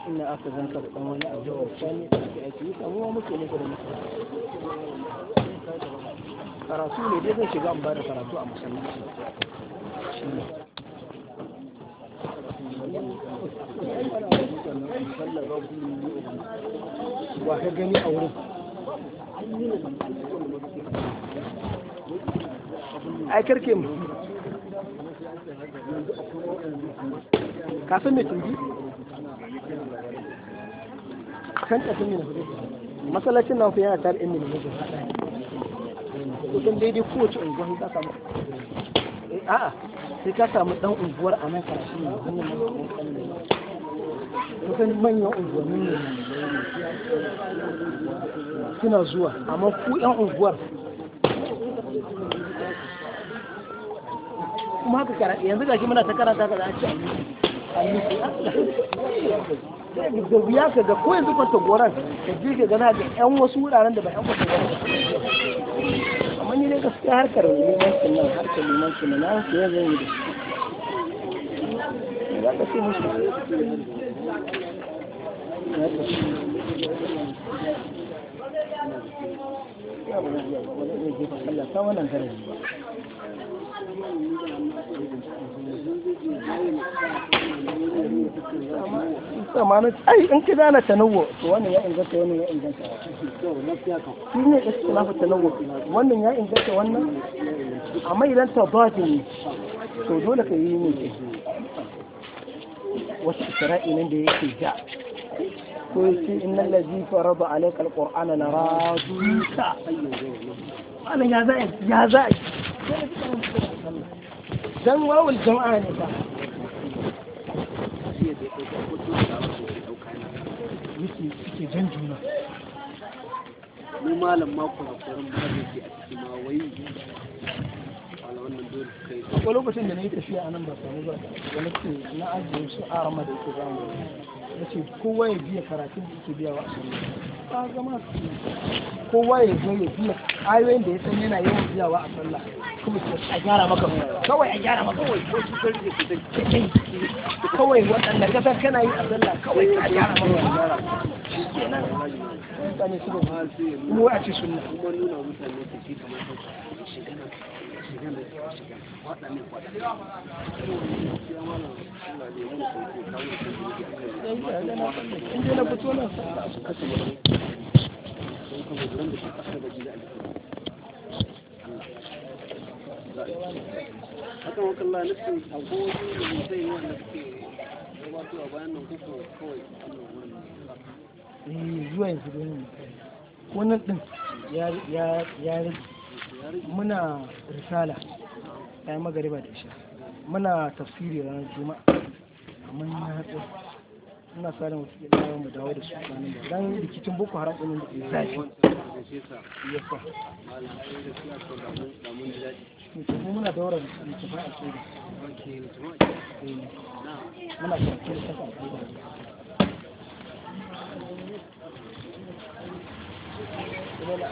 S1: ina aka zanka da wani abu a sani ake aiki kamuwa muke ne da karatu ne dai shiga ba da karatu a masallaci
S2: wa ka gani a wurin mu ka san me tunji kan ta tafin ne masallacin
S1: nan fa yana tare in ne kusan daidai kowace unguwa sai ka samu eh, a'a sai ka samu dan unguwar a nan karashi ne kusan manyan unguwannin ne suna zuwa amma ku yan unguwar kuma haka karatu yanzu shi muna ta karanta ka za a ci da wuya ka ga ko yanzu kwanta goran ka je ka gana da yan wasu wuraren da ba yan kwanta goran amma ni dai gaskiya harkar limancin nan harkar limancin nan na su yanzu ne da shi za ka ce musu ya ba zai iya ba zai iya jefa sallah ta wannan garaji ba tsamanin ai in ka gane tanawo to wannan ya inganta wannan ya inganta shi ne istilafu tanawo wannan ya inganta wannan amma idan ta tabati ne to dole ka yi ne wasu isra'i nan da yake ja ko yace innal ladhi farada alayka alqur'ana na raduka malam ya za'a ya za'a dan wawul jama'a ne ba
S2: yake suke jan juna mu malam mako na koran ba zai ke a cikin ma wai ko
S1: lokacin da na yi tafiya a nan ba samu ba da na ce na ajiye su a rama da yake zamu na ce kowa ya biya karatun da yake biya wa a sunna ba zama su kowa ya zo ya biya ayoyin da ya san yana yawan biyawa a sallah kuma a gyara maka kawai a gyara maka kawai ko su sarki su da kawai waɗanda ka san kana yi a sallah kawai a gyara maka shi kenan
S2: mutane su ba kuma a ce sunna kuma nuna mutane su ci kamar Eh,
S1: wannan din ya rage muna risala bayan magariba da isha muna tafsiri ranar juma'a amma na hatsa ina sa ɗaya mu dawo da su kwanan da dan rikicin boko haram ɗin da ke zafi mutum muna daura mutum a cikin muna Ka samu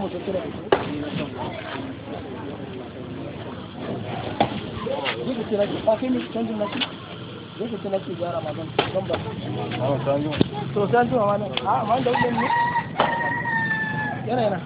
S1: a da kira ke fakai ne zai su nake gyara zan ba ah, to nan ah, a da ne yana yana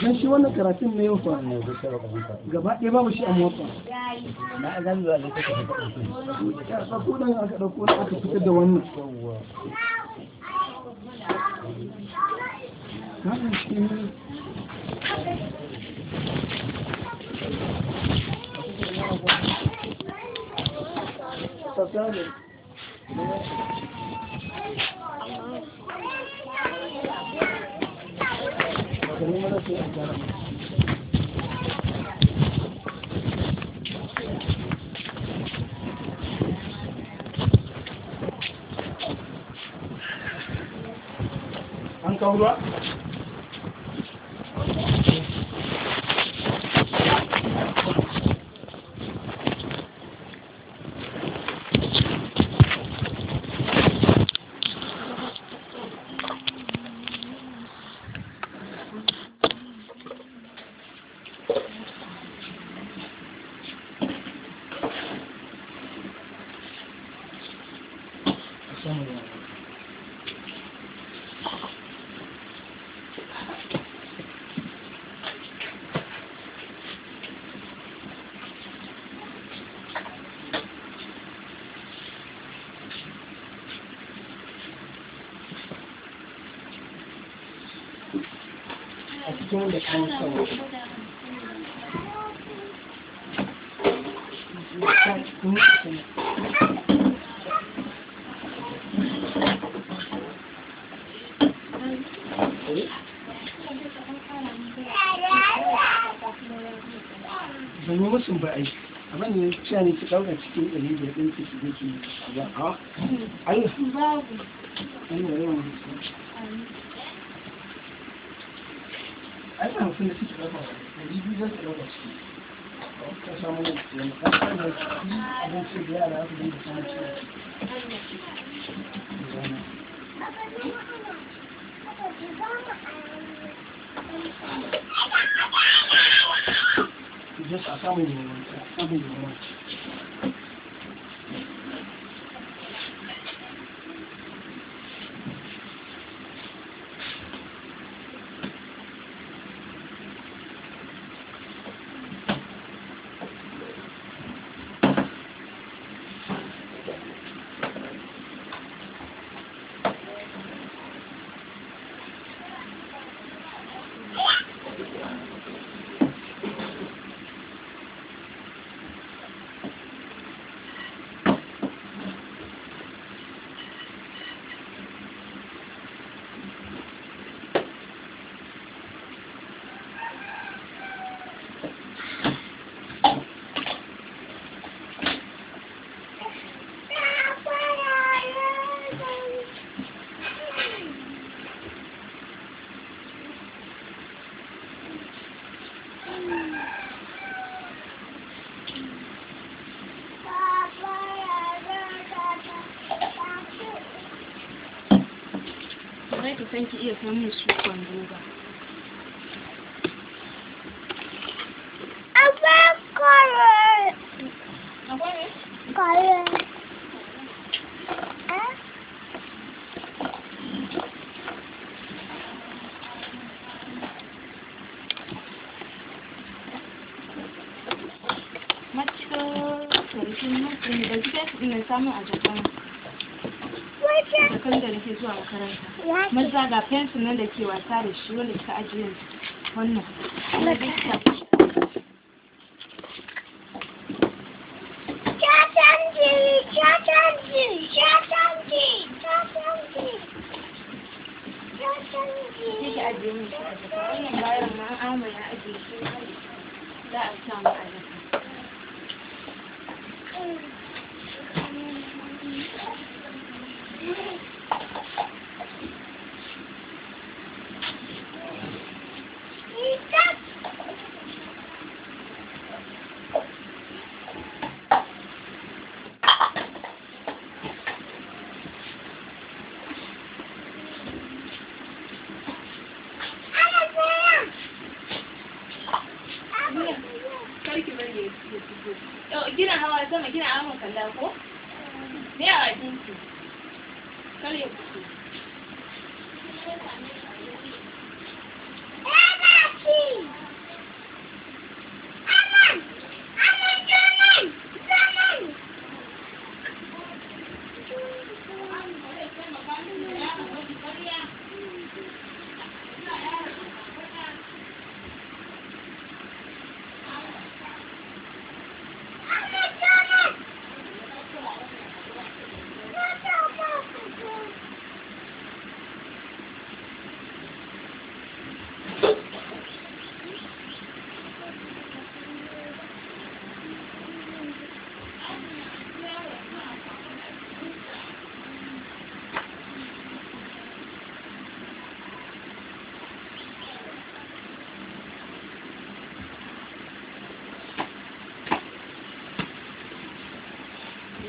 S1: don shi wannan karatun na yau fa gaba ɗaya babu shi a mota na kuka ko ɗan aka ɗauko aka fitar da wannan
S2: Thank you.
S1: An kawo ruwa? loaded.
S2: fatan ki iya kai min su kwando ba akwai kare akwai uns da samun a japan da kan da nake zuwa makaranta maza ga fensin nan da ke wasa da shi wanda kika ajiye wannan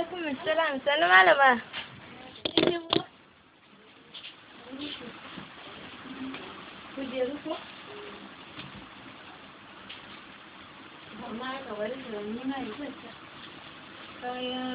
S2: alaikum assalam sanu malama kujeru ko amma ka bari da ni na yi kwanta